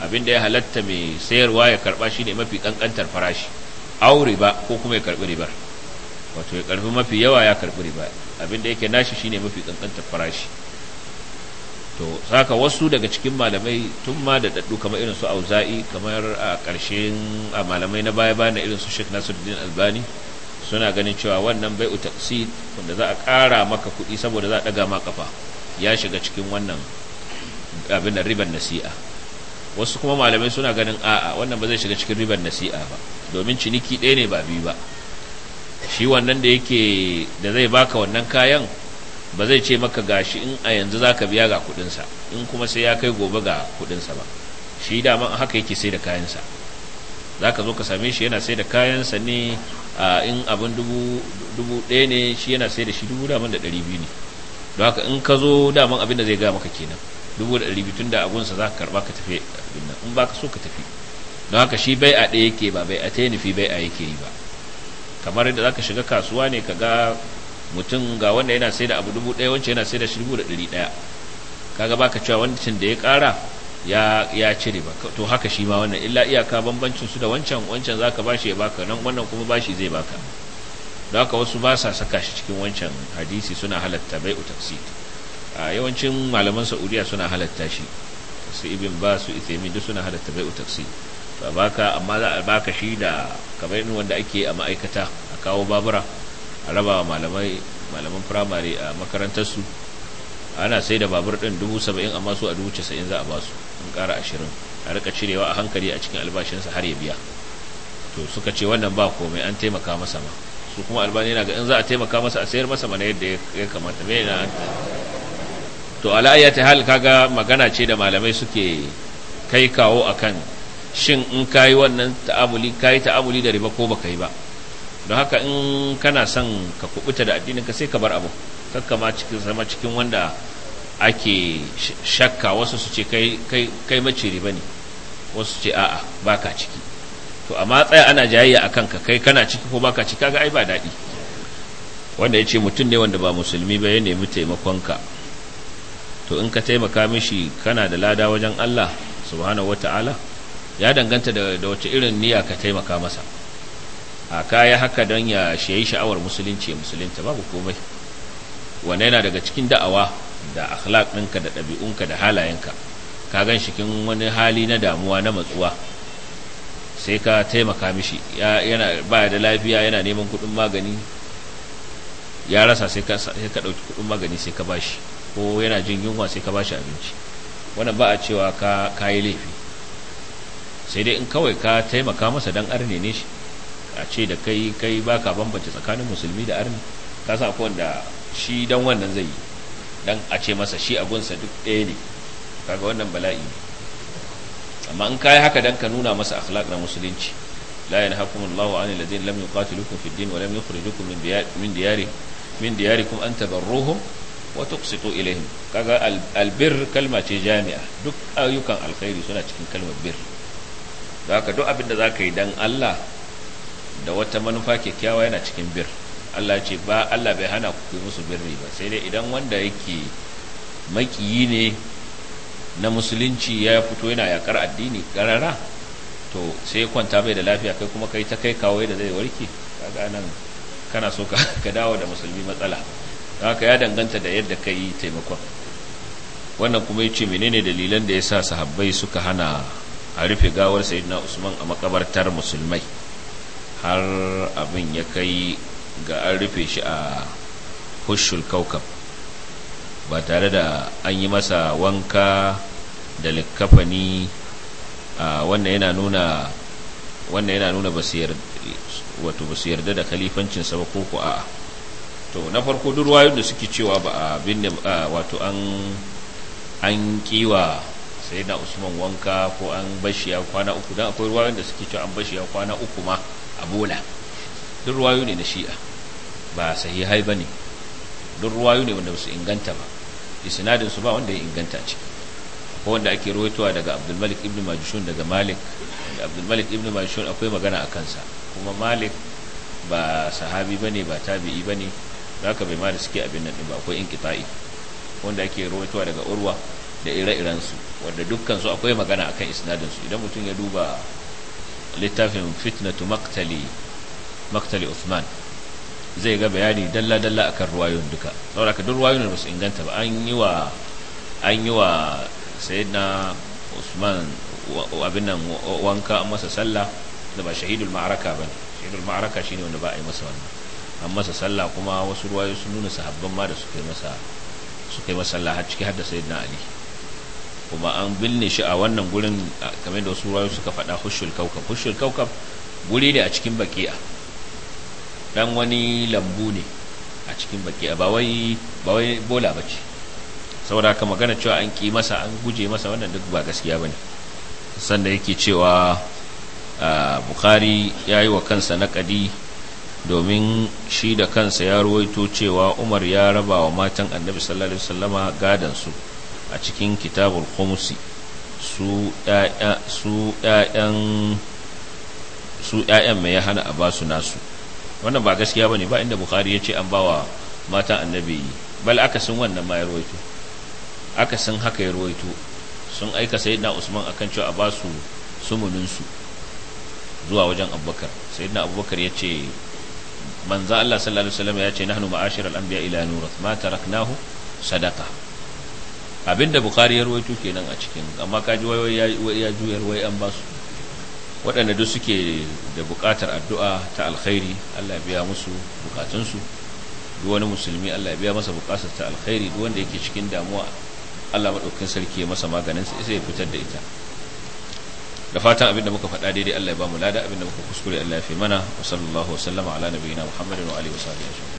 S1: abinda ya halatta mai sayarwa ya karba shine mafi kankantar farashi aw riba ko kuma ya karbi ribar wato ya karbi mafi yawa ya karbi riba abinda yake nashi shine mafi kankantar farashi to saka wasu daga cikin malamai tun ma da daddu kamar irin su auza'i kamar a ƙarshen a malamai na baya bana irin su Sheikh Nasiruddin Albani suna ganin cewa wannan u taqsid wanda za a ƙara maka kuɗi saboda za a ɗaga ma kafa ya shiga cikin wannan abin da riban nasi'a wasu kuma malamai suna ganin a'a wannan ba zai shiga cikin riban nasi'a ba domin ciniki ɗaya ne ba biyu ba shi wannan da yake da zai baka wannan kayan ba zai ce maka gashi in a yanzu za ka biya ga kudinsa in kuma sai ya kai gobe ga kudinsa ba shi dama haka yake sai da kayansa za ka zo ka same shi yana sai da kayansa ne a in abin dubu ɗaya ne shi yana sai da shi dubu daman da ɗari biyu ne don haka in ka zo daman abin da zai gaya maka kenan dubu da ɗari biyu tun da agunsa za ka karɓa ka tafi abin nan in ba ka so ka tafi don haka shi bai a ɗaya yake ba bai a ta nufi bai a yake yi ba kamar yadda za ka shiga kasuwa ne ka ga mutum ga wanda yana sai da abu dubu ɗaya wancan yana sai da shirbu da ɗari ɗaya kaga baka cewa wancan da ya ƙara ya cire ba to haka shi ma wannan illa iyaka bambancin su da wancan wancan zaka bashi ya baka nan wannan kuma bashi zai baka don haka wasu ba sa saka shi cikin wancan hadisi suna halatta bai'u tafsir a yawancin malaman saudiya suna halatta shi su ibn ba su ithemi duk suna halatta bai'u tafsir ba baka amma za a baka shi da kamar wanda ake a ma'aikata a kawo babura a raba wa malamai malaman firamare a makarantarsu ana sai da babur ɗin dubu saba'in amma su a dubu casa'in za a basu in ƙara ashirin a rika cirewa a hankali a cikin albashinsa har ya biya to suka ce wannan ba komai an taimaka masa ma su kuma albani na ga in za a taimaka masa a sayar masa mana yadda ya kamata me na to ala'ayya ta hal kaga magana ce da malamai suke kai kawo akan shin in kayi wannan ta'amuli kayi ta'amuli da riba ko baka yi ba don haka in kana son ka kubuta da addinin ka sai ka bar abu ma cikin zama cikin wanda ake shakka wasu su ce kai maciri ba ne wasu ce a'a baka ciki to amma tsaya ana jayayya a kanka kai kana ciki ko baka ciki kaga ai ba daɗi wanda ya ce mutum ne wanda ba musulmi ba ya nemi taimakonka to in ka taimaka mishi kana da lada wajen Allah subhanahu wata'ala ya danganta da wace irin niyya ka taimaka masa a kaya haka don ya shayi sha'awar musulunci ya musulunta babu komai wanda yana daga cikin da'awa da akhlaq da ɗabi'unka da halayenka ka gan shi kin wani hali na damuwa na matsuwa sai ka taimaka mishi yana ba da lafiya yana neman kuɗin magani ya rasa sai ka ɗauki kuɗin magani sai ka bashi ko yana jin yunwa sai ka bashi abinci wannan ba a cewa ka yi laifi sai dai in kawai ka taimaka masa dan arne ne shi a ce da kai kai baka bambance tsakanin musulmi da armi ka sa ko wanda shi dan wannan zai yi dan a ce masa shi abunsa duk ɗaya ne kaga wannan bala'i ne amma in kai haka dan ka nuna masa akhlaq na musulunci la yanhaqumullahu anil ladzina lam yuqatilukum fid din wa lam yukhrijukum min min diyarikum min diyarikum an tabarruhum wa tuqsitu ilayhim kaga albir kalma ce jami'a duk ayyukan alkhairi suna cikin kalmar bir haka duk abin da zaka yi dan Allah da wata manufa kyakkyawa yana cikin bir Allah ce ba Allah bai hana ku yi musu birni ba sai dai idan wanda yake makiyi ne na musulunci ya fito yana yakar addini karara to sai kwanta bai da lafiya kai kuma kai ta kai kawo da zai warke kaga nan kana so ka dawo da musulmi matsala haka ya danganta da yadda ka yi taimakon wannan kuma yace menene dalilan da ya sa sahabbai suka hana a rufe gawar sayyidina usman a makabartar musulmai har abin ya kai ga an rufe shi a hushul kaukab ba tare da an yi masa wanka da likkafani wannan yana nuna wannan yana nuna ba su yarda da kalifancinsa ba ko ko a to na farko duk yadda suke cewa ba a binne wato an an kiwa sai na usman wanka ko an bashi ya kwana uku don akwai ruwayoyin da suke cewa an bashi ya kwana uku ma a bola duk ruwayo ne na shi'a ba sahihai ba ne duk ruwayo ne wanda su inganta ba isnadin su ba wanda ya inganta ce ko wanda ake rawaitowa daga abdul malik ibn majishun daga malik abdul malik ibn majishun akwai magana a kansa kuma malik ba sahabi ba ne ba tabi'i ba ne za ka bai ma da suke abin nan ba akwai inkita'i wanda ake rawaitowa daga urwa da ire-irensu wanda dukkansu akwai magana akan isnadinsu idan mutum ya duba littafin fitnatu maktali maktali Uthman zai ga bayani dalla-dalla akan ruwayoyin duka saboda ka duk ruwayoyin ba su inganta ba an yi wa an yi Usman abin nan wanka an masa sallah da ba shahidul ma'araka ba shahidul ma'araka shine wanda ba a yi masa wannan an masa sallah kuma wasu ruwayoyi sun nuna sahabban ma da suka yi masa sallah har ciki har da sayidina Ali kuma an binne shi a wannan gurin kamar da wasu rayu suka faɗa hushul kaukab hushul kaukab guri ne a cikin bakiya dan wani lambu ne a cikin bakiya ba wai ba wai bola bace saboda haka magana cewa an ki masa an guje masa wannan duk ba gaskiya bane sanda yake cewa bukhari ya yi wa kansa naƙadi domin shi da kansa ya ruwaito cewa umar ya raba wa matan annabi sallallahu alaihi wasallama gadansu su a cikin kitabul khumusi su ‘ya'yan su ‘ya'yan mai ya hana a ba su nasu wannan ba gaskiya ba ne ba inda bukari ya ce an bawa mata annabi bal akasin wannan ma ya ruwaito akasin haka ya ruwaito sun aika sayidina usman akan cewa a ba su sumuninsu zuwa wajen abubakar sayidina abubakar ya ce manzo allah sallallahu alaihi wasallam ya ce nahnu ma'ashir al-anbiya ila nurat ma taraknahu sadaqa abinda bukari ya rawaito kenan a cikin amma kaji wai ya juyar wai an basu waɗanda duk suke da buƙatar addu'a ta alkhairi Allah biya musu bukatunsu duk wani musulmi Allah biya masa buƙatar ta alkhairi duk wanda yake cikin damuwa Allah maɗaukin sarki ya masa maganin sai ya fitar da ita da fatan abinda muka faɗa daidai Allah ya ba mu lada abinda muka kuskure Allah ya fi mana wa sallallahu wa sallama ala nabiyina Muhammadin wa alihi wa sahbihi